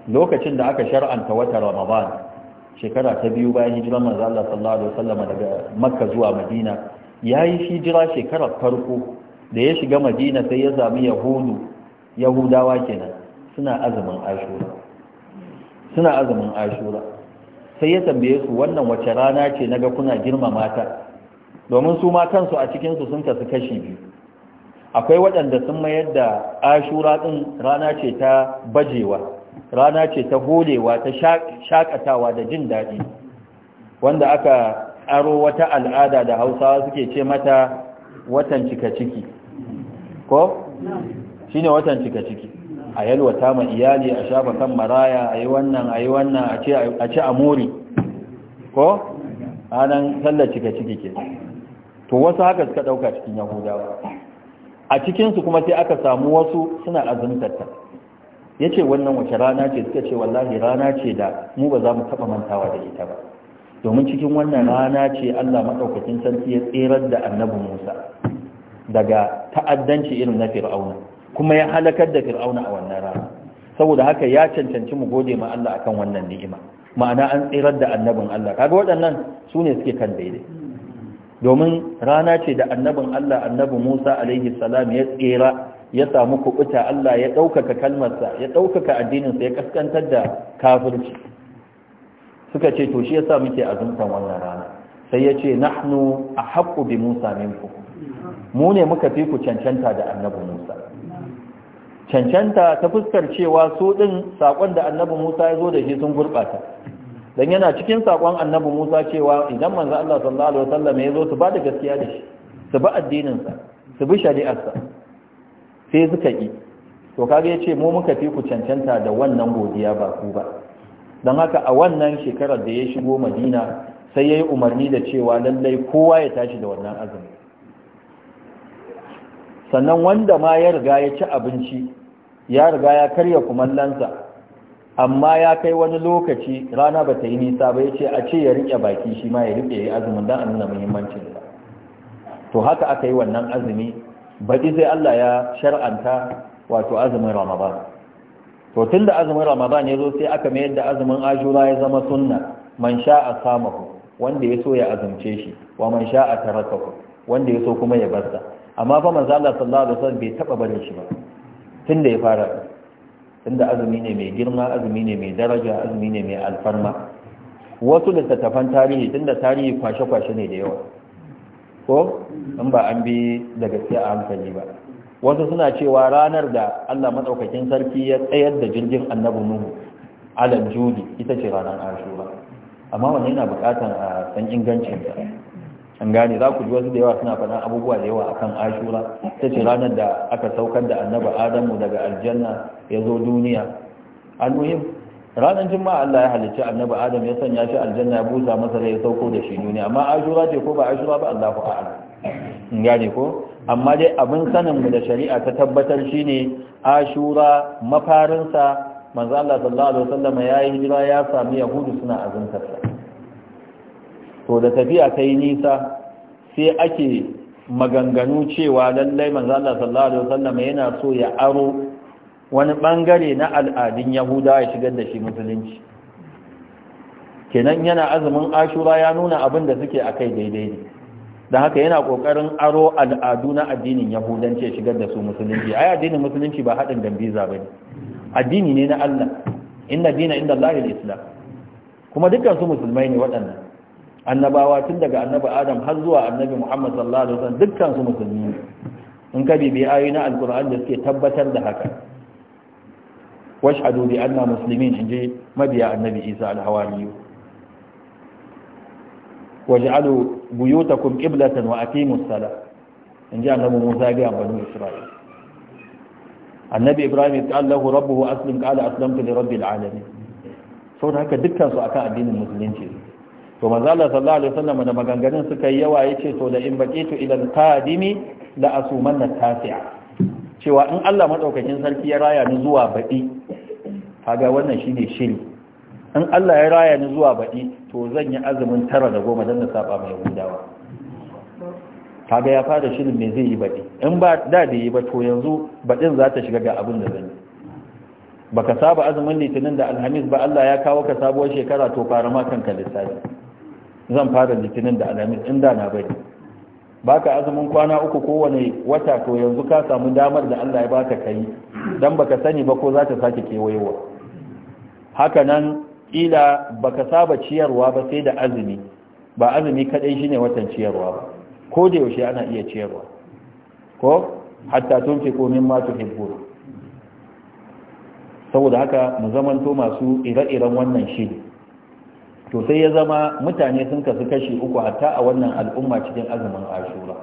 lokacin da aka shar'anta wata ramadan shekara ta biyu bayan hijirar manzo Allah sallallahu alaihi wasallam daga makka zuwa madina yayi hijira shekarar farko da ya shiga madina sai ya zama yahudu yahudawa kenan suna azumin ashura suna azumin ashura sai ya tambaye su wannan wace rana ce naga kuna girma mata domin su ma kansu a cikin su sun kasu kashi biyu akwai waɗanda sun mayar da ashura ɗin rana ce ta bajewa rana ce ta holewa ta shakatawa da jin daɗi wanda aka aro wata al'ada da hausawa suke ce mata watan cika ciki ko? shi ne watan cika ciki a yalwata ma iyali a shafa kan maraya a yi wannan a yi wannan a ce a mori ko? anan sallar cika ciki ke to wasu haka suka ɗauka cikin yahudawa a cikinsu kuma sai aka samu wasu suna azumtarta ya ce wannan wace rana ce suka ce wallahi rana ce da mu ba za mu taɓa mantawa da ita ba domin cikin wannan rana ce allah maɗaukacin sarki ya tserar da annabi musa daga ta'addanci irin na fir'auna kuma ya halakar da fir'auna a wannan rana saboda haka ya cancanci mu gode ma allah akan wannan ni'ima ma'ana an tserar da annabin allah kaga waɗannan su ne suke kan daidai domin rana ce da annabin Allah annabi Musa alaihi salam ya tsira ya samu kubuta Allah ya ɗaukaka kalmarsa ya ɗaukaka addininsa ya kaskantar da kafirci suka ce to shi yasa muke azumtan wannan rana sai ya ce nahnu ahaqqu bi Musa minku mu ne muka fi ku cancanta da annabin Musa cancanta ta fuskar cewa su din sakon da annabi Musa ya zo da shi sun gurbata dan yana cikin sakon annabi Musa cewa idan manzo Allah sallallahu alaihi wasallam ya zo su ba da gaskiya da shi su bi addinin sa su bi shari'ar sa sai suka yi to kage yace mu muka fi ku cancanta da wannan godiya ba ku ba dan haka a wannan shekarar da ya shigo Madina sai yayi umarni da cewa lallai kowa ya tashi da wannan azumi sannan wanda ma ya riga ya ci abinci ya riga ya karya kumallansa amma ya kai wani lokaci rana ba ta yi nisa ba ya ce a ce ya riƙe baki shi ma ya riƙe ya azumin don a nuna muhimmancinsa to haka aka yi wannan azumi baƙi sai Allah ya shar'anta wato azumin ramadan to tun da azumin ramadan ya zo sai aka mayar da azumin ajura ya zama sunna man sha'a samahu wanda ya so ya azumce shi wa man sha'a tarakahu wanda ya so kuma ya barsa amma fa manzo Allah sallallahu alaihi wasallam bai taba barin shi ba tun da ya fara tunda azumi ne mai girma azumi ne mai daraja azumi ne mai alfarma wasu littattafan tarihi tunda tarihi kwashe-kwashe ne da yawa ko in ba an bi da gaske a hankali ba wasu suna cewa ranar da Allah matsaukakin sarki ya tsayar da jirgin annabu Nuhu alal judi ita ce ranar Ashura amma wani yana buƙatar a san ingancinsa an gane za ku ji wasu da yawa suna faɗin abubuwa da yawa akan ashura ta ce ranar da aka saukar da annaba adamu daga aljanna ya zo duniya almuhim ranar juma'a Allah ya halicci annaba adam ya sanya shi aljanna ya busa masa da ya sauko da shi duniya amma ashura ce ko ba ashura ba Allahu a'lam in gane ko amma dai abin sanin mu da shari'a ta tabbatar shine ashura mafarinsa manzo Allah sallallahu alaihi wasallam ya yi hijira ya sami yahudu suna azuntarsa to da tafiya ta yi nisa sai ake maganganu cewa lallai manzo Allah sallallahu alaihi wasallam yana so ya aro wani bangare na al'adun Yahudawa ya shigar da shi musulunci kenan yana azumin Ashura ya nuna abin da suke akai daidai ne dan haka yana kokarin aro al'adu na addinin Yahudanci ya shigar da su musulunci ai addinin musulunci ba hadin gambiza bane addini ne na Allah inna dina inda Allah al-Islam kuma dukkan su musulmai ne waɗannan annabawa tun daga annabi adam har zuwa annabi muhammad sallallahu alaihi wasallam dukkan su musulmi ne in ka bibi ayoyin alqur'ani da suke tabbatar da haka washhadu bi anna muslimin inji mabiya annabi isa alhawariyu waj'alu buyutakum qiblatan wa aqimus salah inji annabi musa ga banu isra'il annabi ibrahim qala lahu rabbuhu aslim qala aslamtu li rabbil alamin saboda haka dukkan su akan addinin musulunci ne to manzala sallallahu alaihi wasallam da maganganun suka yi yawa yace to da in to ila al-qadimi la asumanna tasi'a cewa in Allah madaukakin sarki ya raya ni zuwa badi kaga wannan shine shiri in Allah ya raya ni zuwa badi to zan yi azumin tara da goma dan na saba mai gudawa kaga ya fara shirin me zai yi badi in ba da da yi ba to yanzu badin za ta shiga ga abin da zan yi baka saba azumin litinin da alhamis ba Allah ya kawo ka sabuwar shekara to fara ma kanka lissafi zan fara litinin da alamis inda na bari baka azumin kwana uku kowane wata to yanzu ka samu damar da Allah ya baka kai dan baka sani ba ko za ta sake kewayewa haka nan ba baka saba ciyarwa ba sai da azumi ba azumi kadai shine watan ciyarwa ba ko da yaushe ana iya ciyarwa ko hatta tunfiqu mimma hibbu saboda haka mu zamanto masu ire-iren wannan shiri to sai ya zama mutane sun kasu kashi uku hatta a wannan al'umma cikin azumin ashura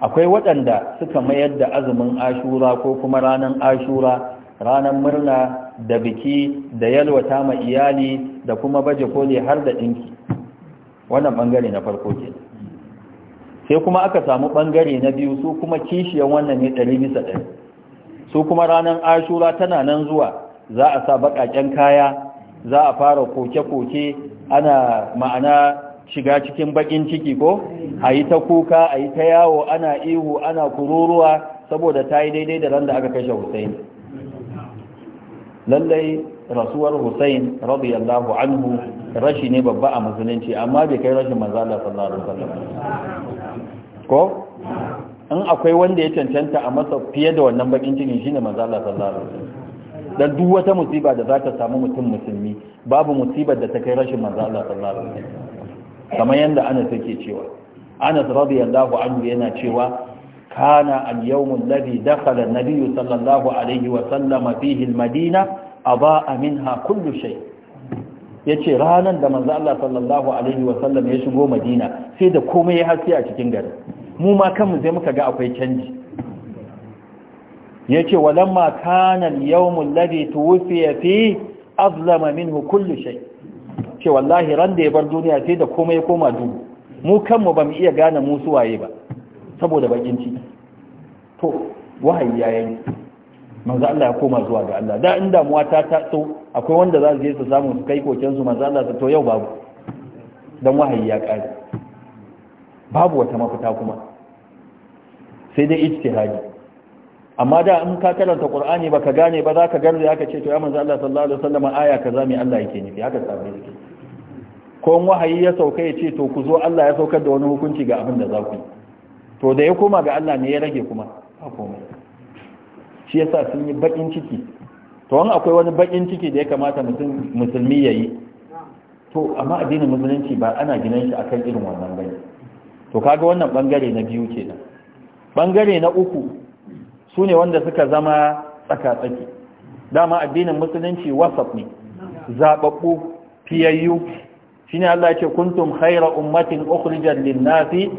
akwai waɗanda suka mayar da azumin ashura ko kuma ranar ashura ranar murna da biki da yalwata ma iyali da kuma baje koli har da ɗinki wannan ɓangare na farko ke sai kuma aka samu ɓangare na biyu su kuma kishiyan wannan ne ɗari bisa ɗari su kuma ranar ashura tana nan zuwa za a sa baƙaƙen kaya za a fara koke-koke ana ma'ana shiga cikin bakin ciki ko a yi ta kuka a yi ta yawo ana ihu ana kururuwa saboda ta yi daidai da ran da aka kashe Hussein lallai rasuwar Hussein radiyallahu anhu rashi ne babba a musulunci amma bai kai rashin manzo Allah sallallahu alaihi wasallam ko in akwai wanda ya cancanta a masa fiye da wannan bakin cikin shine manzo Allah sallallahu alaihi wasallam dan duk wata musiba da za ta samu mutum musulmi babu musibar da ta kai rashin manzo Allah sallallahu alaihi wasallam kamar yanda Anas yake cewa Anas radiyallahu anhu yana cewa kana al yawmul ladhi dakhala an-nabiy sallallahu alaihi wasallam fihi al-madina adaa minha kullu shay yace ranan da manzo Allah sallallahu alaihi wasallam ya shigo Madina sai da komai ya haske a cikin gari. mu ma kanmu sai muka ga akwai canji yace walamma kana al-yawm alladhi tuwfiya fi azlama minhu kullu shay ce wallahi ran da ya bar duniya sai da komai ya koma duhu mu kanmu bamu iya gane mu waye ba saboda bakin ciki to wahayi ya manzo Allah ya koma zuwa ga Allah da inda muwa ta taso akwai wanda za su je su samu su kai koken su manzo Allah to yau babu dan wahayi ya kare babu wata mafita kuma sai dai ijtihadi amma da in ka karanta qur'ani baka gane ba zaka garbe aka ce to ya manzo Allah sallallahu alaihi wasallam aya kaza me Allah yake nufi haka sabai yake ko in wahayi ya sauka ya ce to ku zo Allah ya saukar da wani hukunci ga abin da za ku to da ya koma ga Allah ne ya rage kuma ba komai shi yasa sun yi bakin ciki to wani akwai wani bakin ciki da ya kamata mutum musulmi yayi to amma addinin musulunci ba ana ginin shi akan irin wannan bane to kaga wannan bangare na biyu kenan bangare na uku su ne wanda suka zama tsaka-tsaki dama addinin musulunci wasaf ne zaɓaɓɓu fiyayyu shi ne Allah ce kuntum khaira ummatin ukhrijat lin-nasi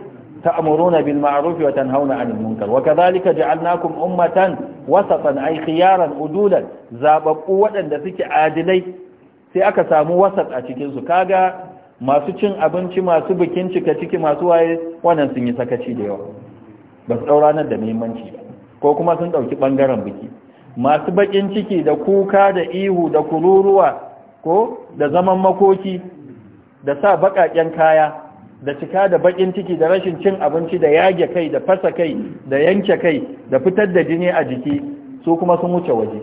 ta'muruna watan ma'ruf wa tanhauna 'anil munkar wa kadhalika ja'alnakum ummatan wasatan ay khiyaran udulan zaɓaɓɓu waɗanda suke adilai sai aka samu wasaf a cikin su kaga masu cin abinci masu bikin cika ciki masu waye wannan sun yi sakaci da yawa ba su ɗaura nan da muhimmanci ba ko kuma sun ɗauki ɓangaren biki masu baƙin ciki da kuka da ihu da kururuwa ko da zaman makoki da sa baƙaƙen kaya da cika da baƙin ciki da rashin cin abinci da yage kai da fasa kai da yanke kai da fitar da jini a jiki su kuma sun wuce waje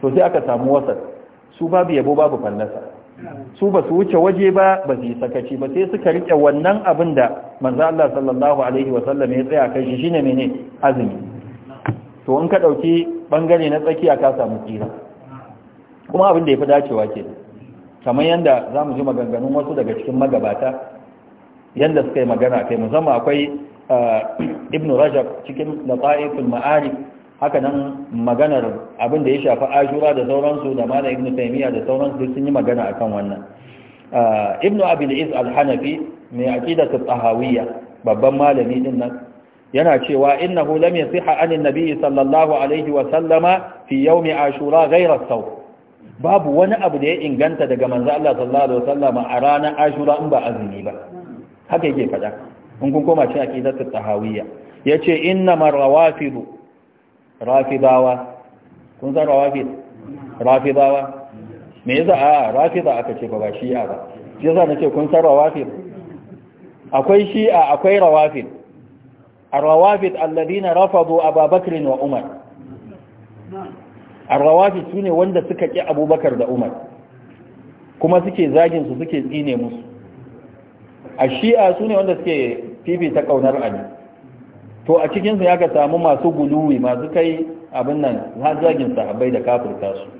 to sai aka samu wasar su babu yabo babu fallasa su ba su wuce waje ba ba su yi sakaci ba sai suka riƙe wannan abin da manzo Allah sallallahu alaihi wasallam ya tsaya kai shi shine mene azumi to in ka ɗauki ɓangare na tsakiya ka samu tsira kuma abin da ya fi dacewa ke kamar yadda za mu ji maganganun wasu daga cikin magabata yadda suka yi magana kai musamman akwai eh, <clears throat> ibn rajab cikin latsa'iful ma'arif haka nan maganar abin da ya shafi ashura da sauransu da mala ibn taymiya da sauransu duk sun yi magana akan wannan eh, ibn abil is al-hanafi mai aqidatul tahawiyya babban malami din nan yana cewa innahu lam yasiha anin nabiyyi sallallahu alaihi wa sallama fi yawmi ashura ghayra saw babu wani abu da ya inganta daga manzo Allah sallallahu alaihi wa sallama a ranar ashura in ba azumi ba haka yake fada in kun koma cikin aqidatu tahawiyya yace innamar rawafidu rafidawa kun san rawafid rafidawa me yasa a rafida aka ce ba shi'a ba yasa nace kun san rawafid akwai shi'a akwai rawafid arrawafid alladina rafadu ababakr wa umar arrawafid sune wanda suka ki abubakar da umar kuma suke zagin su suke tsine musu a shi'a sune wanda suke fifita kaunar ali to a cikin su yaka samu masu guluwi masu kai abin nan ha zagin sahabbai da kafirta su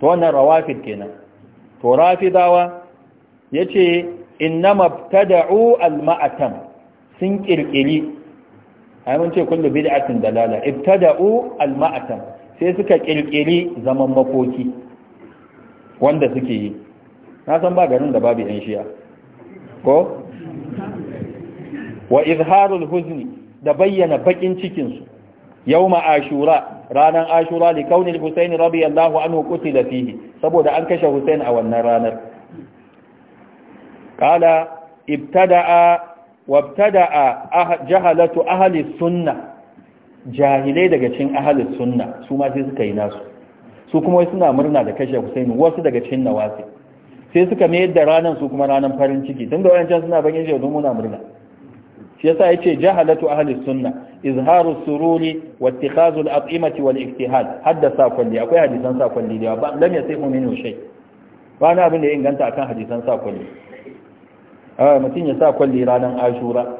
to wannan rawafid kenan to rafidawa yace innama tada'u al-ma'atam sun kirkiri ai mun ce kullu bid'atin dalala ibtada'u al-ma'atan sai suka kirkiri zaman makoki wanda suke yi na san ba garin da babu yan shiya ko wa izharul huzni da bayyana bakin cikin su yawma ashura ranan ashura li kauni al-husayn radiyallahu anhu qutila fihi saboda an kashe husayn a wannan ranar qala ibtada'a wabtada a ah-, jahalatu ahli sunna jahilai daga cin ahli sunna su ma sai suka yi nasu su kuma wai suna murna da kashe Husaini wasu daga cin nawasi sai suka mayar da ranar su kuma ranar farin ciki tun da wayancan suna bangin shi don muna murna shi yasa ce jahalatu ahli sunna izharu sururi wa ittikhazu al-at'imati wal ijtihad haddasa kulli akwai hadisan sa kulli da ba lam yasihu minhu shay wani abin da ya inganta akan hadisan sa kulli Ah, mutum ya sa kwalli ranar ashura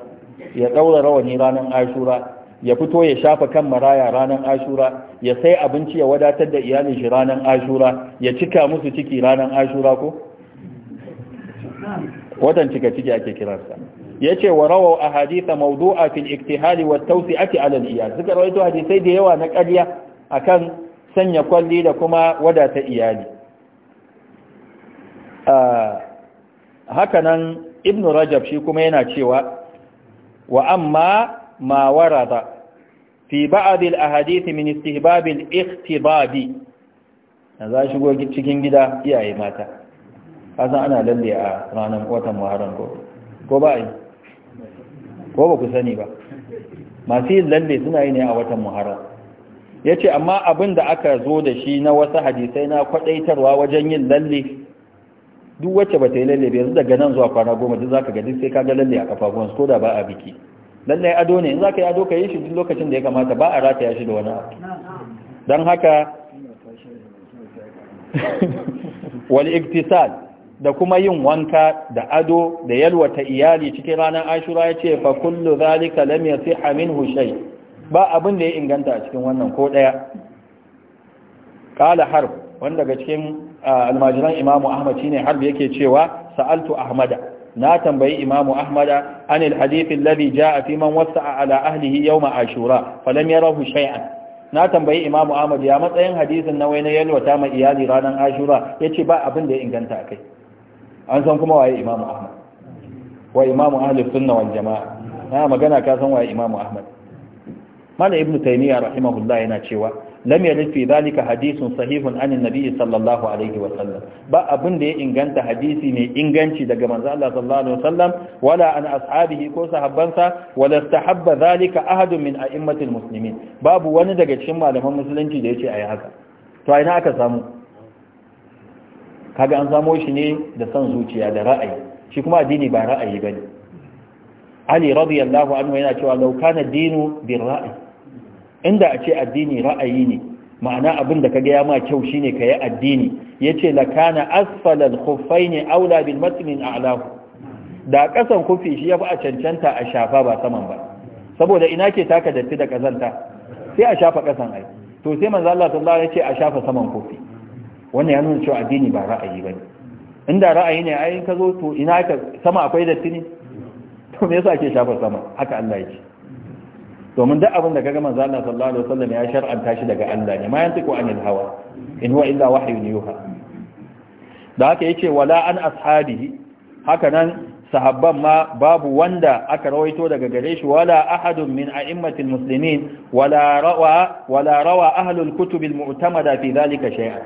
ya ɗaura rawani ranar ashura ya fito ya shafa kan maraya ranar ashura ya sai abinci ya wadatar da iyalin shi ranar ashura ya cika musu ciki ranar ashura ko Wadan cika ciki ake kiransa ya ce wa rawar a haditha maudu'a fil iktihali wa tausi ake alal iyal suka rawaito hadisai da yawa na karya akan sanya kwalli da kuma wadata iyali ah, haka nan ibn rajab shi kuma yana cewa wa amma ma warada fi ba'dil ahadith min istihbab al za shigo cikin gida iyaye mata kasan ana lalle a ranar watan muharram ko ko ba yi ko ba ku sani ba masu yin lalle suna yi ne a watan muharram yace amma abin da aka zo da shi na wasu hadisai na kwadaitarwa wajen yin lalle duk wacce ba ta yi lalle ba yanzu daga nan zuwa kwana goma duk zaka ga duk sai ka ga lalle a kafafuwan ko da ba a biki lalle ado ne in zaka yi ado ka yi shi duk lokacin da ya kamata ba a rataya shi da wani abu dan haka <laughs> wal iktisal da kuma yin wanka da ado da yalwata iyali cikin ranar ashura ya ce fa kullu zalika lam yasiha minhu shay ba abin da ya inganta a cikin wannan ko daya qala harb wanda daga cikin almajiran imamu ahmad shine harb yake cewa sa'altu ahmada na tambayi imamu ahmada anil hadith alladhi jaa fi man wasa'a ala ahlihi yawm ashura falam yarahu shay'an na tambayi imamu ahmad ya matsayin hadisin na wayna yalwata ma iyali ranan ashura yace ba abin da ya inganta kai an san kuma waye imamu ahmad wa imamu ahli sunna wal jamaa na magana ka san waye imamu ahmad mana ibnu taymiya rahimahullah yana cewa lam yalid fi zalika hadithun sahihun anin nabiy sallallahu alaihi wa sallam ba abin da ya inganta hadisi mai inganci daga manzo Allah sallallahu wa sallam wala an ashabihi ko sahabbansa wala istahabba zalika ahadun min a'immatil muslimin babu wani daga cikin malaman musulunci da yace ayi haka to a na aka samu kaga an samo shi ne da son zuciya da ra'ayi shi kuma addini ba ra'ayi bane Ali radiyallahu anhu yana cewa law kana dinu bir ra'ayi. inda a ce addini ra'ayi ne ma'ana abin da ka gaya ma kyau shi ne ka yi addini yace la kana asfalal khuffaini aula bil matnin a'lahu da kasan kufi shi ya fi a cancanta a shafa ba saman ba saboda ina ke taka datti da kazanta sai a shafa kasan ai to sai manzo Allah sallallahu alaihi ce a shafa saman kufi wannan ya nuna cewa addini ba ra'ayi bane inda ra'ayi ne ai ka zo to ina ka sama akwai datti ne to me yasa ake shafa sama haka Allah yake domin duk abin da ka gama Allah sallallahu alaihi wasallam ya shar'anta shi daga Allah ne ma yantiku anil hawa in huwa illa wahyun yuha da haka yace wala an ashabihi haka nan sahabban ma babu wanda aka rawaito daga gare shi wala ahadun min a'immatil muslimin wala rawa wala rawa ahlul kutubil mu'tamada fi dhalika shay'an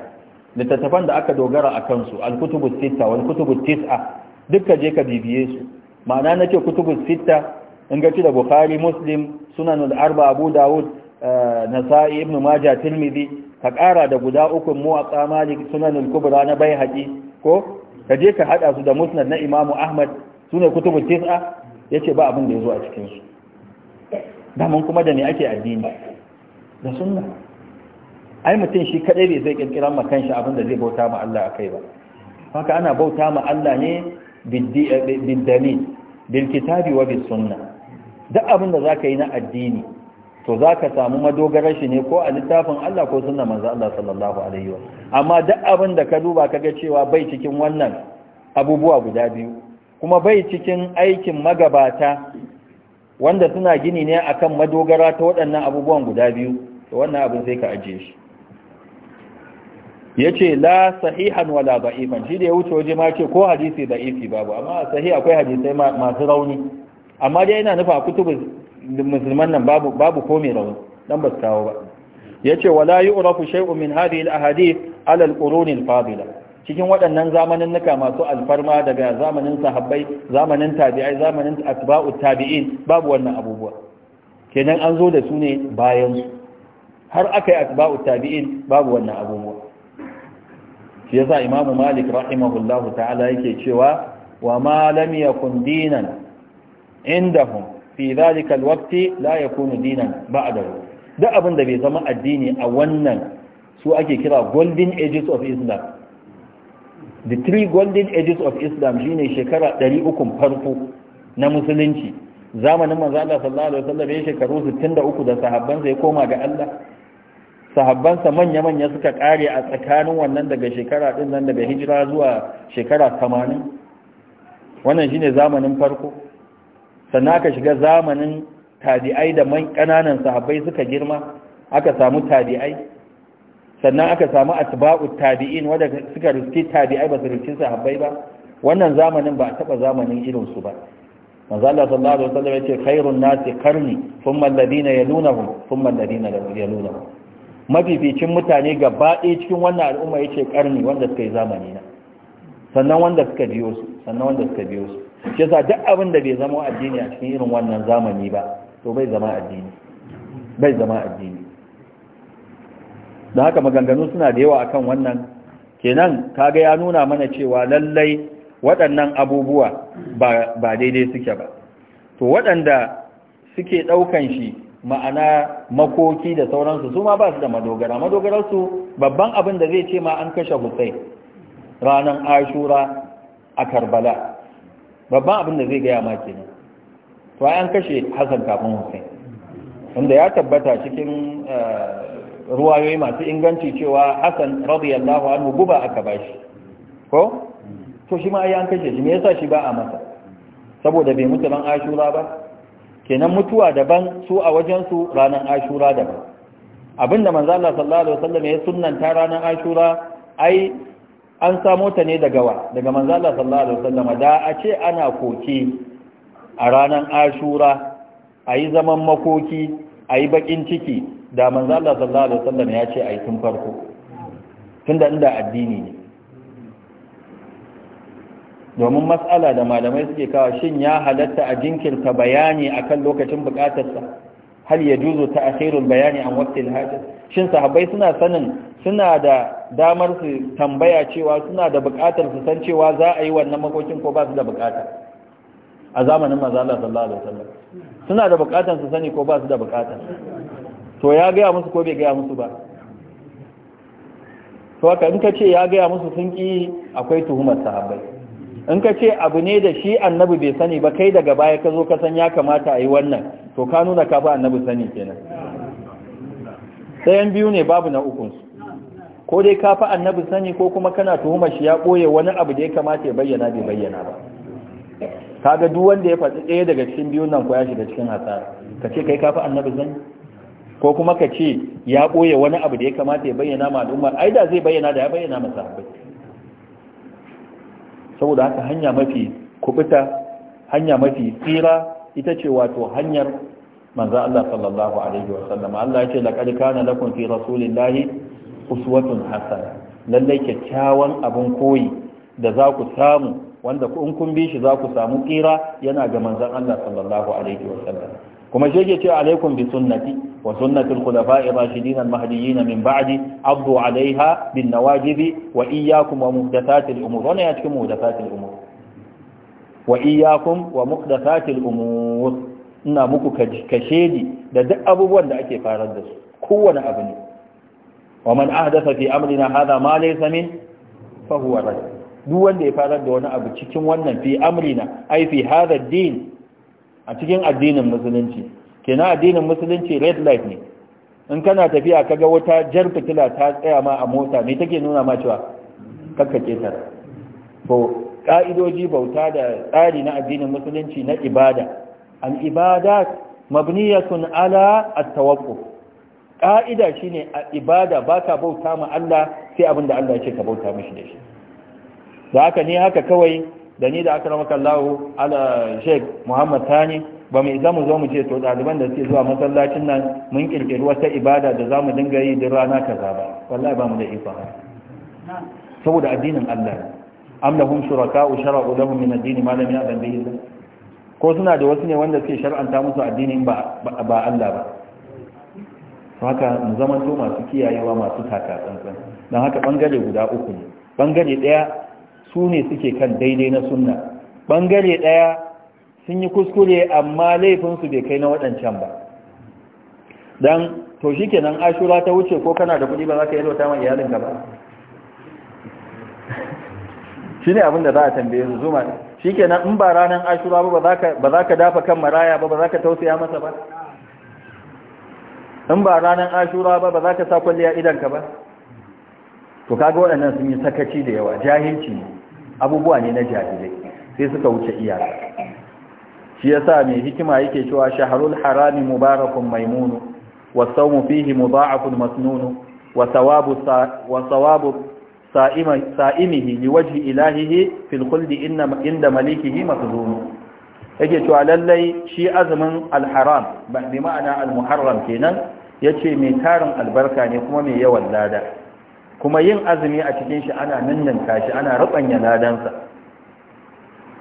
littattafan da aka dogara a kansu al-kutubu sitta wal kutubu tis'a dukka je ka bibiye su ma'ana nake kutubu sitta in ga da bukhari muslim sunan arba abu dawud eh, nasa'i ibn majah tirmidhi ka kara da guda uku a malik sunan al kubra na baihaqi ko ka je ka haɗa su da musnad na imam ahmad sune kutubu tis'a ce ba abin da ya zo a cikin su da kuma da ne ake addini da sunna ai mutum shi kaɗai bai zai kirkira ma kanshi abin da zai bauta ma Allah a kai ba haka ana bauta ma Allah ne بالدليل بالكتاب وبالسنة duk abin da za ka yi na addini to za ka samu madogarar shi ne ko a littafin Allah ko suna manzo Allah sallallahu alaihi wa amma duk abin da ka duba ka ga cewa bai cikin wannan abubuwa guda biyu kuma bai cikin aikin magabata wanda suna gini ne akan madogara ta waɗannan abubuwan guda biyu to wannan abin sai ka ajiye shi ya ce la sahihan wala da'ifan shi da ya wuce waje ma ce ko hadisi da'ifi babu amma sahi akwai hadisai masu rauni amma dai yana nufa kutubu musulman nan babu babu rauni dan ba su kawo ba yace wala yu'rafu shay'un min hadhihi al-ahadith ala al-qurun al-fadila cikin waɗannan zamaninnuka masu alfarma daga zamanin sahabbai zamanin tabi'ai zamanin atba'u tabi'in babu wannan abubuwa kenan an zo da su ne bayan su har aka yi atba'u tabi'in babu wannan abubuwa shi yasa imamu malik rahimahullahu ta'ala yake cewa wa ma lam yakun dinan indahum fi dhalika alwaqti la yakunu dinan ba'dahu da abin da bai zama addini a wannan su ake kira golden ages of islam the three golden ages of islam shine shekara 300 farko na musulunci zamanin manzo Allah sallallahu alaihi wasallam ya shekaru 63 da sahabbansa ya koma ga Allah sahabbansa manya-manya suka kare a tsakanin wannan daga shekara din nan daga hijira zuwa shekara 80 wannan shine zamanin farko sannan aka shiga zamanin tabi'ai da man ƙananan sahabbai suka girma aka samu tabi'ai sannan aka samu atba'u tabi'in wanda suka riski tabi'ai ba su riski sahabbai ba wannan zamanin ba a taɓa zamanin irin su ba manzo Allah sallallahu alaihi wasallam yace khairun nasi qarni thumma alladhina yalunahum thumma alladhina yalunahum mafificin mutane gaba ɗaya cikin wannan al'umma yace qarni wanda suka yi zamani na sannan wanda suka biyo su sannan wanda suka biyo su shi yasa duk abin da bai zama addini a cikin irin wannan zamani ba to bai zama addini bai zama addini da haka maganganu suna da yawa akan wannan kenan kaga ya nuna mana cewa lallai waɗannan abubuwa ba daidai suke ba to waɗanda suke ɗaukan shi ma'ana makoki da sauransu su ma ba su da madogara madogararsu babban abin da zai ce ma an kashe hussein ranar ashura a karbala babban abin da zai gaya ma ne to an kashe Hassan kafin Hussein wanda ya tabbata cikin eh, ruwayoyi masu inganci cewa Hassan radiyallahu anhu guba aka bashi ko to shi ma ai an kashe shi me yasa shi ba a masa saboda bai mutu ran Ashura ba kenan mutuwa daban su a wajen su ranar Ashura daban abinda manzo Allah sallallahu alaihi wasallam ya sunnanta ranar Ashura ai an samo ta ne daga wa daga manzo Allah sallallahu alaihi wasallam da a ce ana koke a ranar Ashura ayi zaman makoki ayi bakin ciki da manzo Allah sallallahu alaihi wasallam ya ce ayi tun farko tunda inda addini ne domin matsala da malamai suke kawo shin ya halatta a jinkirta bayani akan lokacin bukatarsa hal ya juzo ta akhirul bayani an waqtil haja shin sahabbai suna sanin suna da damar su tambaya cewa suna da buƙatar su san cewa za a yi wannan makokin ko ba su da buƙata a zamanin manzo Allah sallallahu alaihi wasallam suna da buƙatar su sani ko ba su da buƙata to ya gaya musu ko bai gaya musu ba to haka in ka ce ya gaya musu sun ki akwai tuhumar sahabbai in ka ce abu ne da shi annabi bai sani ba kai daga baya ka zo ka san ya kamata a yi wannan to ka nuna ka ba annabi sani kenan sayan biyu ne babu na ukunsu ko dai ka fa annabi sani ko kuma kana tuhumar shi ya ɓoye wani abu da ya kamata ya bayyana bai bayyana ba kaga duk wanda ya faɗi ɗaya daga cikin biyun nan ko ya shiga cikin hasara ka ce kai ka fa annabi sani ko kuma ka ce ya ɓoye wani abu da ya kamata ya bayyana ma al'umma ai da zai bayyana da ya bayyana masa saboda haka hanya mafi kubuta hanya mafi tsira ita ce wato hanyar manza Allah sallallahu alaihi wasallam Allah ya ce laqad kana lakum fi rasulillahi uswatun hasana lallai kyakkyawan abun koyi da za ku samu wanda in kun bi shi za ku samu tsira yana ga manzan Allah sallallahu alaihi kuma shi yake cewa alaikum bi sunnati wa sunnati al-khulafa'i ar-rashidin al-mahdiyyin min ba'di abdu 'alayha bin nawajib wa iyyakum wa muhdathati al-umur wannan ya cikin muhdathati al-umur wa iyyakum wa muhdathati al-umur ina muku kashedi da duk abubuwan da ake farar da su kowane abu ne wa man ahdatha fi amrina hadha ma laysa min fa huwa rad duk wanda ya farar da wani abu cikin wannan fi amrina ai fi hadha ad-din a cikin addinin musulunci kenan addinin musulunci red light ne in kana tafiya ka ga wata jar fitila ta tsaya ma a mota me take nuna ma cewa kakka ta to ka'idoji bauta da tsari na addinin musulunci na ibada al ibada mabniyatun ala at-tawakkul ka'ida shine ibada baka bauta ma Allah sai abinda Allah ya ce ka bauta mishi da shi da haka ne haka kawai da ni da akramaka Allah ala Sheikh Muhammad Sani ba mu isa mu zo mu ce to daliban da suke zuwa masallacin nan mun kirkiri wata ibada da za mu dinga yi duk rana kaza ba wallahi ba mu da ha saboda addinin Allah am lahum wa shara'u lahum min ad-din ma lam ya'zan bihi ko suna da wasu ne wanda suke shar'anta musu addinin ba ba Allah ba haka mu zaman to masu kiyayewa masu taka tsantsan dan haka bangare guda uku ne bangare daya su ne suke kan daidai na sunna ɓangare ɗaya sun yi kuskure amma laifinsu bai kai na waɗancan ba don to shi kenan ashura ta wuce ko kana da kuɗi ba za ka yi lauta mai iyalinka ba <laughs> shi ne abinda za a tambaye su zuma shi kenan in ba ranar ashura ba ba za ka dafa kan maraya ba ba za ka tausaya masa ba in ba ranar ashura ba ba za ka sa kwalliya idanka ba to kaga waɗannan sun yi sakaci da yawa jahilci ne abubuwa ne na jahilai sai suka wuce iyaka shi yasa mai hikima yake cewa shahrul harami mubarakun maimunu wa sawmu fihi mudha'afun masnunu wa thawabu wa thawabu sa'imi sa'imihi liwajhi ilahihi fil khuldi inna inda malikihi mazlumu yake cewa lallai shi azumin alharam ba ma'ana almuharram kenan yace mai tarin albarka ne kuma mai yawan lada kuma yin azumi a cikin shi ana nannan shi ana rubanya ladansa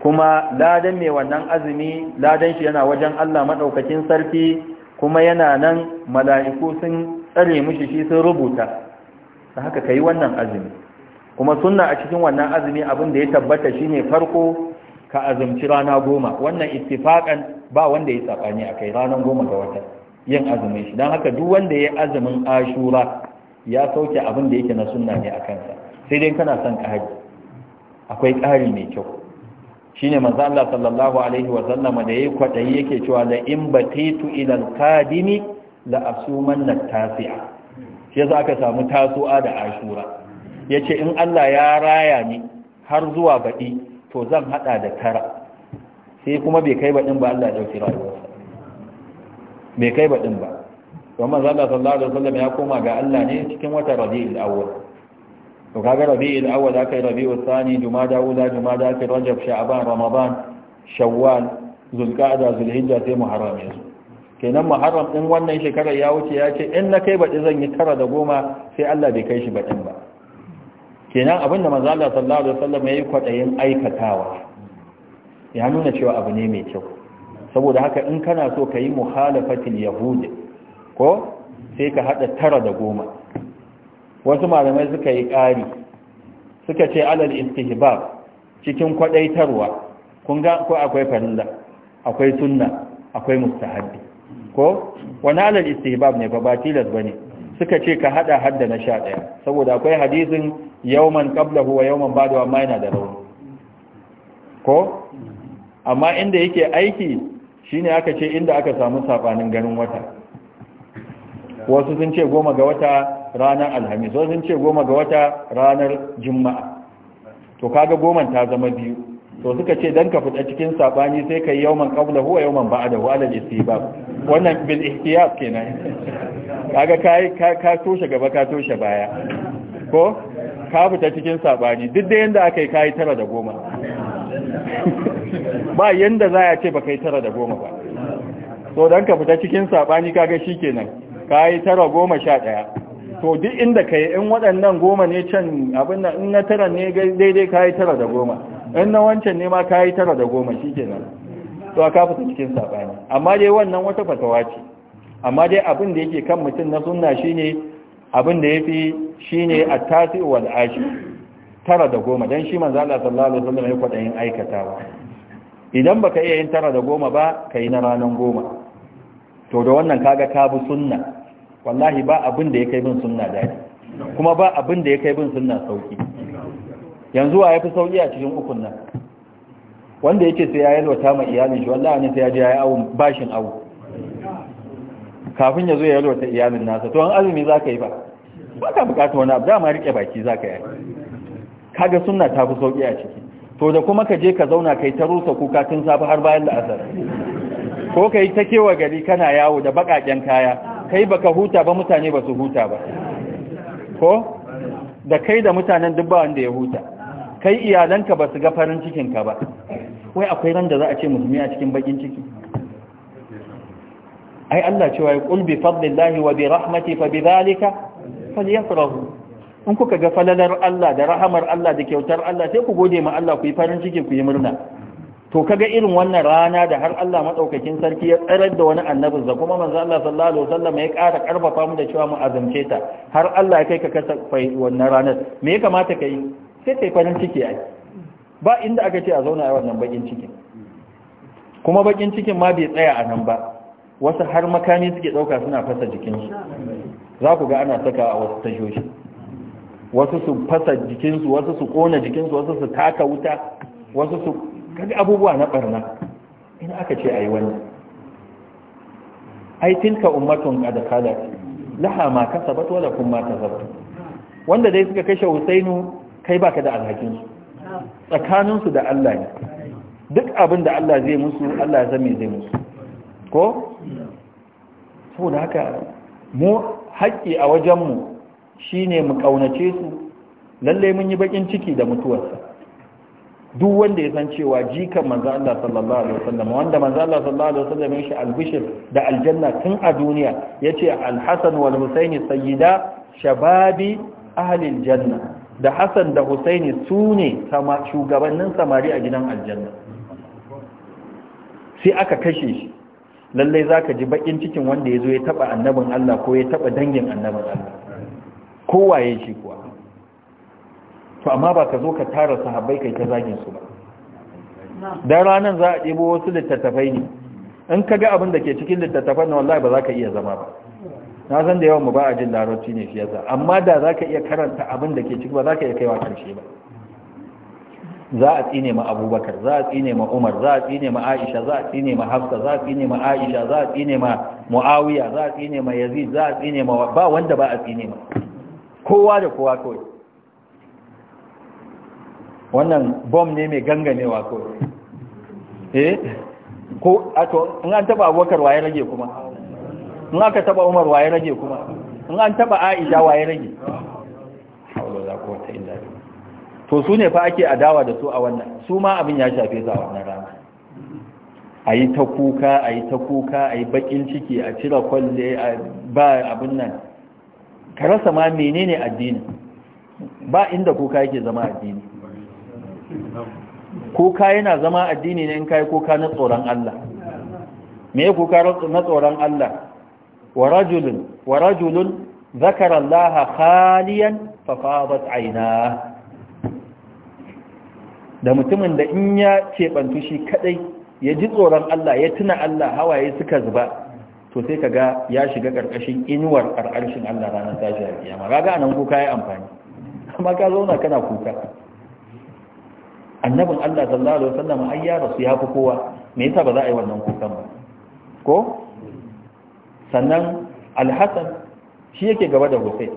kuma ladan mai wannan azumi ladan shi yana wajen Allah madaukakin sarki kuma yana nan mala'iku sun tsare mushi shi sun rubuta ta haka kai wannan azumi kuma sunna a cikin wannan azumi abin da ya tabbata shine farko ka azumci rana goma wannan ittifakan ba wanda ya tsakani akai ranar goma ga wata yin azumin shi don haka duk wanda ya azumin ashura ya sauke abin da yake na sunna ne a kansa sai dai kana son ƙari akwai ƙari mai kyau shine manzo Allah sallallahu alaihi wa da da yi kwaɗayi yake cewa da in titu idan kadini da la asuman mannan tasia shi yasa aka samu tasu'a da ashura Ya ce in Allah ya raya ni har zuwa baɗi to zan haɗa da tara sai kuma bai kai baɗin ba Allah ya rayuwarsa bai kai baɗin ba don manzan da sallallahu alaihi wasallam ya koma ga Allah ne cikin wata rabi'ul awwal to kaga rabi'ul awwal aka yi rabi'ul thani jumada ula jumada aka rajab sha'ban ramadan shawwal zulqa'da zulhijja sai muharram yanzu kenan muharram din wannan shekarar ya wuce ya ce in na kai baɗi zan yi tara da goma sai Allah bai kai shi baɗin ba kenan abinda manzo Allah sallallahu alaihi wasallam yi kwadayin aikatawa ya nuna cewa abu ne mai kyau saboda haka in kana so ka yi muhalafatil yahudi ko sai ka haɗa tara da goma wasu malamai suka yi ƙari suka ce alal istihbab cikin kwadaitarwa kun ga ko akwai farilla akwai sunna akwai mustahabbi ko wani alal istihbab ne ba ba tilas bane suka ce ka hada hadda na sha ɗaya saboda akwai hadisin yawman qablahu wa yawman ba'du amma yana da rauni ko amma inda yake aiki shine aka ce inda aka samu sabanin ganin wata wasu sun ce goma ga wata ranar alhamis wasu sun ce goma ga wata ranar juma'a to kaga goman ta zama biyu to suka ce dan ka fita cikin sabani sai kai yawman qabla huwa yawman ba'da huwa alal istibab wannan bil ihtiyab kenan kaga kai ka toshe gaba ka toshe baya ko ka fita cikin sabani duk da yanda akai kai tara da goma <laughs> ba yanda za a ce ba kai tara da goma ba so dan ka fita cikin sabani kaga shikenan ka yi tara goma sha ɗaya to duk inda ka yi in waɗannan goma ne can abin in na tara ne daidai ka yi tara da goma in na wancan ne ma ka yi tara da goma shi ke nan to ka fita cikin saɓani amma dai wannan wata fatawa ce amma dai abin da yake kan mutum na sunna shine abin da fi shine a tasi wal ashi tara da goma don shi manzo Allah sallallahu alaihi wasallam ya kwadayin aikatawa idan baka iya yin tara da goma ba yi na ranar goma to da wannan kaga ka bi sunna wallahi ba abin da ya kai bin sunna daɗi kuma ba abin da ya kai bin sunna sauki yanzu wa ya fi sauki a cikin ukun nan wanda yake sai ya yalwata ma iyalin shi wallahi ne sai ya je ya yi awon bashin awo kafin ya zo ya yalwata iyalin nasa to an azumi za ka yi ba ba ka bukata wani abu dama riƙe baki za ka yi kaga sunna ta fi sauki a ciki to da kuma ka je ka zauna kai ta rusa kuka tun safi har bayan da asar ko kai ta kewa gari kana yawo da bakaken kaya kai baka huta ba mutane ba su huta ba ko da kai da mutanen duk wanda ya huta kai iyalanka ba su ga farin cikinka ba wai akwai ran da za a ce musulmi a cikin bakin ciki ai Allah cewa ya qul fadlillahi wa bi rahmati fa bidhalika falyafrahu in kuka ga falalar Allah da rahamar Allah da kyautar Allah sai ku gode ma Allah ku yi farin ciki ku yi murna to kaga irin wannan rana da har Allah madaukakin sarki ya tsarar da wani annabin sa kuma manzo Allah sallallahu alaihi wasallam ya ƙara karfafa mu da cewa mu azumce ta har Allah ya kai ka kasa fai wannan ranar me ya kamata kai sai kai farin ciki ai ba inda aka ce a zauna a wannan bakin cikin kuma bakin cikin ma bai tsaya a nan ba wasu har makami suke dauka suna fasa jikin shi za ku ga ana saka a wasu tashoshi wasu su fasa jikinsu wasu su kona jikinsu wasu su taka wuta wasu su gani abubuwa na barna ina aka ce ayi wannan ai tilka ummatun qad khalat laha ma kasabat wa lakum ma kasabat wanda dai suka kashe Husainu kai baka da alhakin su tsakanin su da Allah ne duk abin da Allah zai musu Allah ya mai zai musu ko saboda haka mu haƙƙi a wajenmu shine mu kaunace su lalle mun yi bakin ciki da mutuwarsa duk wanda ya san cewa jikan manzo Allah sallallahu alaihi wasallam wanda manzo Allah sallallahu alaihi wasallam shi albishir da aljanna tun a duniya yace al-Hasan wal Husaini sayyida shababi ahli aljanna da Hasan da Husaini sune kama shugabannin samari a gidan aljanna sai aka kashe shi lalle zaka ji bakin cikin wanda yazo ya taba annabin Allah ko ya taba dangin annabin Allah kowaye shi ko to amma ba ka zo ka tara sahabbai kai ta zagin su ba dan ranan za a ɗebo wasu littattafai ne in ka ga abin da ke cikin littattafan na wallahi ba za ka iya zama ba na san da yawan mu ba a jin larabci ne fiyasa amma da za ka iya karanta abin da ke ciki ba za ka iya kaiwa karshe ba za a tsine ma abubakar za a tsine ma umar za a tsine ma aisha za a tsine ma hafsa za a tsine ma aisha za a tsine ma muawiya za a tsine ma yazid za a tsine ma ba wanda ba a tsine ma kowa da kowa kawai wannan bom ne mai ganganewa ko eh ko ato in an taba abokar waye rage kuma in aka taba umar waye rage kuma in an taba aisha waye rage to su ne fa ake adawa da su a wannan su ma abin ya shafe su a wannan rana a yi ta kuka a yi ta kuka a yi bakin ciki a cire kwalle a ba abin nan ka rasa ma menene addini ba inda kuka yake zama addini kuka yana zama addini ne in kai kuka na tsoron Allah me ya kuka na tsoron Allah wa rajulun wa rajulun zakara Allah khaliyan fa fadat aina da mutumin da in ya cebantu shi kadai ya ji tsoron Allah ya tuna Allah hawaye suka zuba to sai kaga ya shiga karkashin inuwar ƙarƙashin Allah ranar tashi a kiyama kaga anan kuka kai amfani amma ka zauna kana kuka annabin Allah sallallahu alaihi wasallam ai ya rasu ya fi kowa me yasa ba za a yi wannan kukan ba ko sannan alhassan shi yake gaba da hussein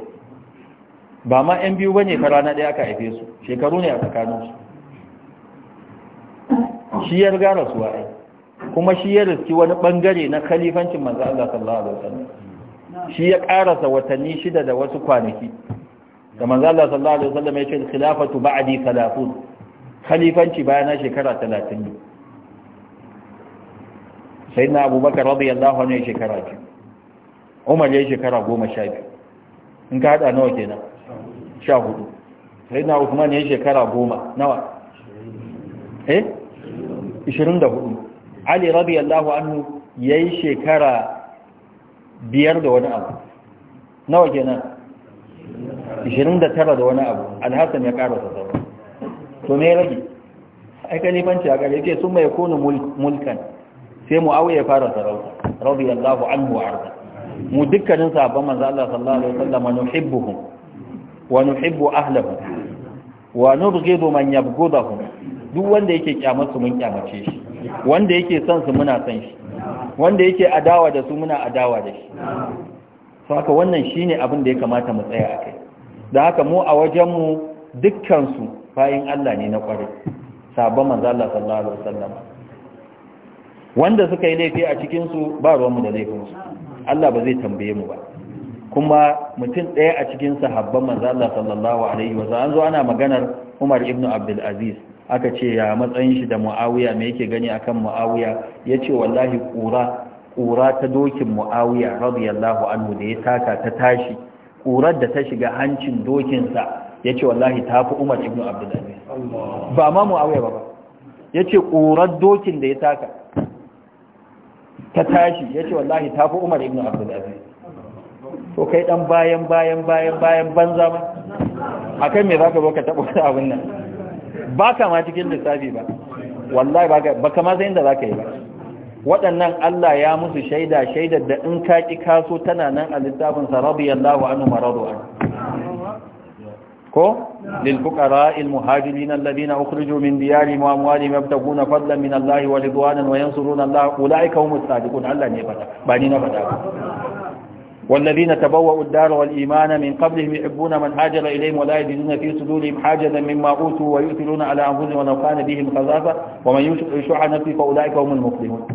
ba ma 'yan biyu bane fara rana ɗaya aka haife su shekaru ne a tsakaninsu shi ya riga rasuwa ai kuma shi ya riski wani bangare na khalifancin manzo Allah sallallahu alaihi wasallam shi ya karasa watanni shida da wasu kwanaki da manzo Allah sallallahu alaihi wasallam ya ce khilafatu ba'di 30 khalifanci bayan na shekara talatin ne sai na abubakar radiyallahu anhu ya shekara biyu umar ya shekara goma sha biyu in ka hada nawa kenan sha hudu sai na usman ya shekara goma nawa eh ishirin da hudu ali radiyallahu anhu ya yi shekara biyar da wani abu nawa kenan ishirin da tara da wani abu alhassan ya ƙara sa to me rage ai kalifanci a gare ce sun mai kunu mulkan sai mu auye fara sarauta yallahu anhu wa arda mu dukkanin sahabban manzo Allah sallallahu alaihi wasallam nuhibbuhum wa nuhibbu ahlahum wa nubghidu man yabghudahum duk wanda yake kyamar su mun kyamace shi wanda yake son su muna son shi wanda yake adawa da su muna adawa da shi Saka wannan shine abin da ya kamata mu tsaya akai da haka mu a wajen mu dukkan su bayin Allah ne na kwarai sabon manzo Allah sallallahu alaihi wasallam wanda suka yi laifi a cikin su ba ruwanmu da laifin su Allah ba zai tambaye mu ba kuma mutum ɗaya a cikin sahabban manzo Allah sallallahu alaihi wasallam zo ana maganar Umar ibn Abdul Aziz aka ce ya matsayin shi da Muawiya me yake gani akan Muawiya yace wallahi kura kura ta dokin Muawiya radiyallahu anhu da ya taka ta tashi kurar da ta shiga hancin dokinsa yace wallahi ta fi Umar ibn Abdul Aziz ba ma Muawiya ba yace ƙorar dokin da ya taka ta tashi yace wallahi ta fi Umar ibn Abdul Aziz to kai dan bayan bayan bayan bayan banza ma akan me ka zo ka taɓa wasu abin nan ba ka ma cikin lissafi ba wallahi ba ka ba zai inda za ka yi ba waɗannan Allah ya musu shaida shaidar da in ka ƙi kaso tana nan a littafinsa rabu Yallahu anhu maradu an ko للفقراء المهاجرين الذين أخرجوا من ديارهم وأموالهم يبتغون فضلا من الله ورضوانا وينصرون الله أولئك هم الصادقون الله نبدا بانين بدا والذين تبوؤوا الدار والإيمان من قبلهم يحبون من هاجر إليهم ولا يجدون في صدورهم حاجة مما أوتوا ويؤثرون على أنفسهم ولو كان بهم خزافة ومن يشع نفسه فأولئك هم المفلحون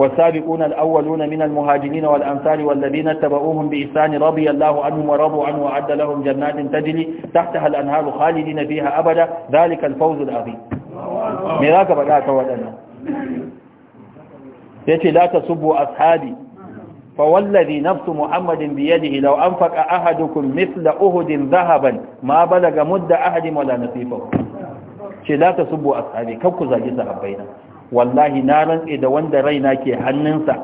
والسابقون الأولون من المهاجرين والأنصار والذين اتبعوهم بإحسان رضي الله عنهم ورضوا عنه وأعد لهم جنات تجري تحتها الأنهار خالدين فيها أبدا ذلك الفوز العظيم ميراك بدأت ودنا يتي لا تسبوا أصحابي فوالذي نفس محمد بيده لو أنفق أحدكم مثل أهد ذهبا ما بلغ مد أحد ولا نصيفه شي لا تسبوا أصحابي كوكو زاجي صحابينا wallahi na rantse da wanda raina ke hannunsa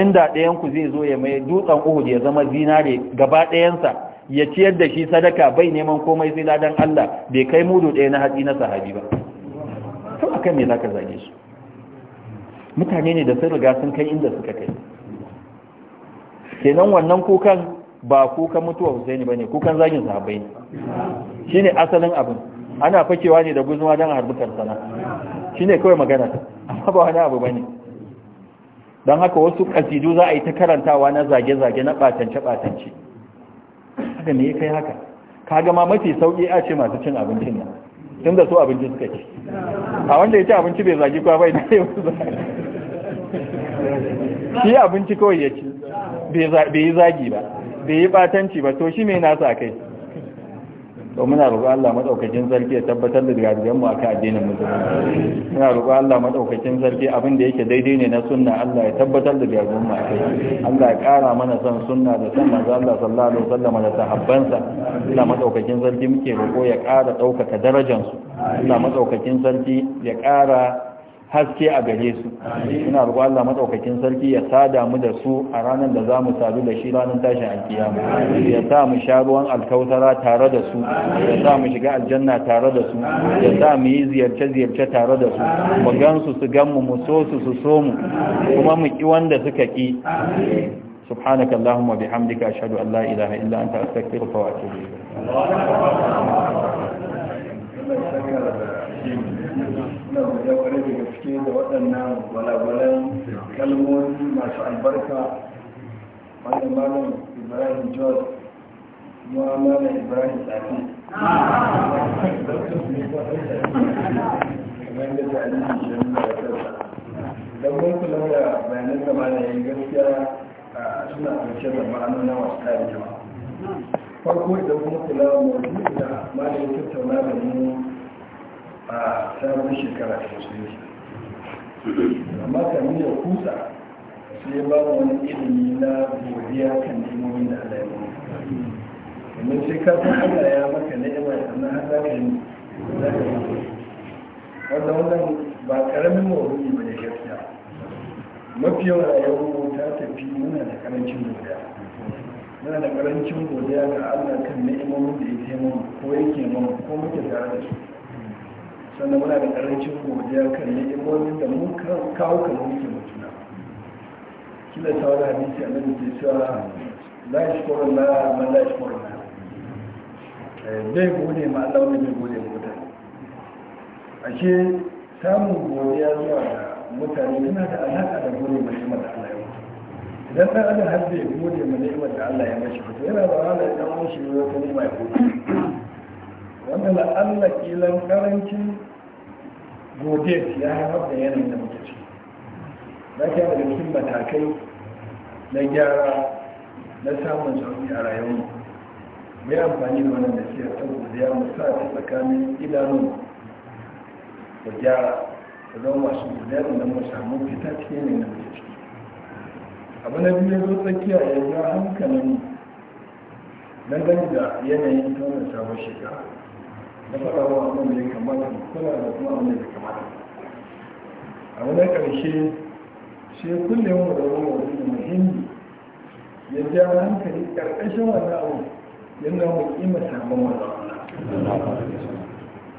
inda ɗayan ku zai zo ya mai dutsen uhud ya zama zinare gaba ɗayansa ya ciyar da shi sadaka bai neman komai sai ladan Allah bai kai mudu ɗaya na hatsi na sahabi ba to akan me zaka zage su mutane ne da sun riga sun kai inda suka kai kenan wannan kukan ba kukan mutuwa Husaini bane kukan zagin sahabbai ne shine asalin abin ana fakewa ne da guzuma don harbukan sana shine kawai magana amma ba wani abu bane don haka wasu kasidu za a yi ta karantawa na zage-zage na batance-batance. batance haka ne kai haka ka gama mafi sauƙi a ce masu cin abincin nan tun da su abinci suka ci a wanda ya ci abinci bai zagi kwa bai dai wasu zagi shi abinci kawai ya ci bai yi zagi ba bai yi batanci ba to shi mai nasa kai to muna roƙo Allah madaukakin sarki ya tabbatar da gargajiyan mu akan addinin musulunci muna roƙo Allah madaukakin sarki abin da yake daidai ne na sunna Allah ya tabbatar da gargajiyan mu akai Allah ya ƙara mana san sunna da san manzo Allah sallallahu alaihi wasallam da sahabbansa Allah madaukakin sarki muke roƙo ya ƙara daukaka darajar su Allah madaukakin sarki ya ƙara haske a gare su ina roƙo Allah madaukakin sarki ya sada mu da su a ranar da zamu sadu da shi ranar tashin alkiyama ya sa mu sha ruwan alkautara tare da su ya sa mu shiga aljanna tare da su ya sa mu yi ziyarce ziyarce tare da su mu gan su su gan mu mu so su su so mu kuma mu ki wanda suka ki subhanakallahumma اللهم hamdika أشهد أن لا illa anta أنت أستغفرك وأتوب إليك haske da waɗannan gwalagwalan kalmomi masu albarka wanda malam ibrahim george kuma malam ibrahim tafi kamar da kuma aliyu shirin da kansa don mun kula da bayanan da malayin gaskiya suna ɗauke da ma'anuna masu tarihi jama'a farko idan kuma kula da mawuzi da ya tattauna da mu a sabon shekara sosai amma kamin ya kusa sai ba wani ilimi na godiya kan nemomin da Allah ya mu kamar sai ka san Allah ya maka ni'ima sannan har za ka yi za ka yi wanda wannan ba karamin mawuri ba da gaskiya mafi yawan rayuwar ta tafi muna da karancin godiya muna da karancin godiya ga Allah kan ni'imomin da ya taimaka ko yake mana ko muke tare da su sannan muna da ƙarancin godiya kan ni'imomin da mun kawo kan mutum mutuna kila ta wani hadisi a nan ke cewa la yashkurun la man la yashkurun na. Eh, bai gode ma Allah wani bai gode mutane ashe samun godiya zuwa da mutane yana da alaƙa da gode ma shi da Allah ya mutu idan ɗan adam har bai gode ma ni'imar da Allah ya mashi fito yana da wahala idan wani shi wata ni'ima ya gode wanda la'alla kilan karancin gobe ya haifar da yanayin da muke ciki za ka da cikin matakai na gyara na samun sauki a rayuwa mai amfani da wannan da ke saboda ya musa ta tsakanin idanu da gyara da zama masu gudanar da mu samu fita cikin yanayin da muke ciki abu na biyu zo tsakiya ya hankali hankalin dangane da yanayin tonar sabon shekara da faɗawa wannan da ya kamata mu kula da kuma wannan da kamata a wani ƙarshe shi kulle mu da wani wani da muhimmi ya ja hankali ƙarƙashin wannan abu yana mu sabon wannan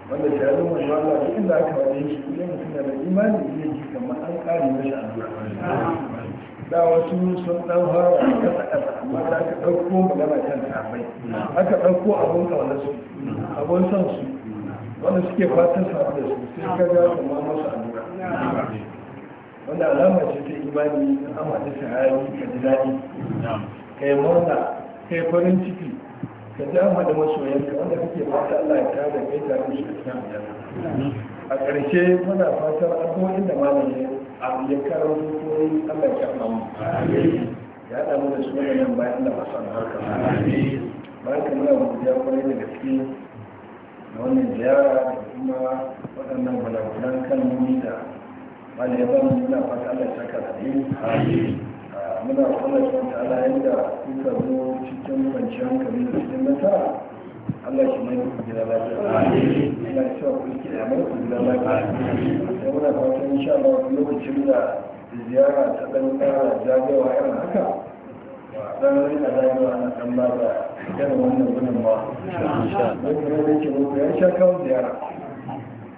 wanda ta yi mai da inda aka wani shi idan mutum da imani ne ji kamar an kare mashi addu'a da wasu sun ɗan fara kasa wanda ka ɗauko magana kan sahabbai aka ɗauko abun kawalar su abun son su wanda suke fatan samu da su sai ka ga su ma masu allura wanda alama ce ta imani na amadi sahabi ka ji daɗi ka yi murna ka yi farin ciki ka ji amadi masoyanka wanda kake fata Allah ya tada kai tare da shi a cikin aljanna a ƙarshe muna fatar abubuwan da malaye a ya karar hukumomi allah ya mu ya damu da su wadannan bayan da masu albarka bayan ka muna godiya kwarai da gaske da wannan ziyara da kuma waɗannan gudagudan kalmomi da wani ya bamu muna fata Allah ta saka da ni shi kwana cikin yadda kuka zo cikin kwanciyar hankali da cikin nasara Allah shi mai kuka gida lafiya ina cewa kuka gida mai kuka ta lafiya sai muna fata insha Allah lokacin ziyara ta ɗan ƙara jagewa irin haka ɗan rika jagewa na ɗan ba da irin wannan gudun ba don kira da ke muku ya sha kawo ziyara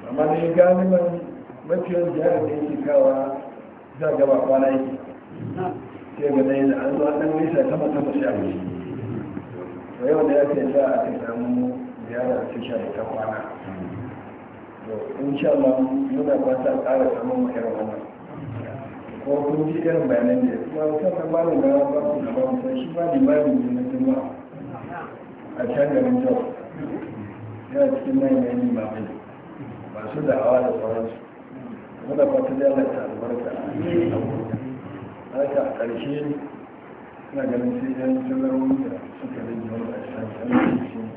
amma da ya gani man mafiyar ziyara da yake kawa za gaba kwana yake sai ga dai da an zo an ɗan gaisa sama sama sha biyu yau da ya ke sa a ta samu ziyara ta sha ta kwana to in sha Allah muna fata ƙara samun irin wannan ko kun ji irin bayanan da kuma a ba mu ba mu da ba mu da shi ba ne ba mu jima a can garin jau yana cikin manyan limamai masu da'awa da sauransu da fata da Allah ta albarka haka a ƙarshe na ganin sai yan sanarwar da suka rage wani a can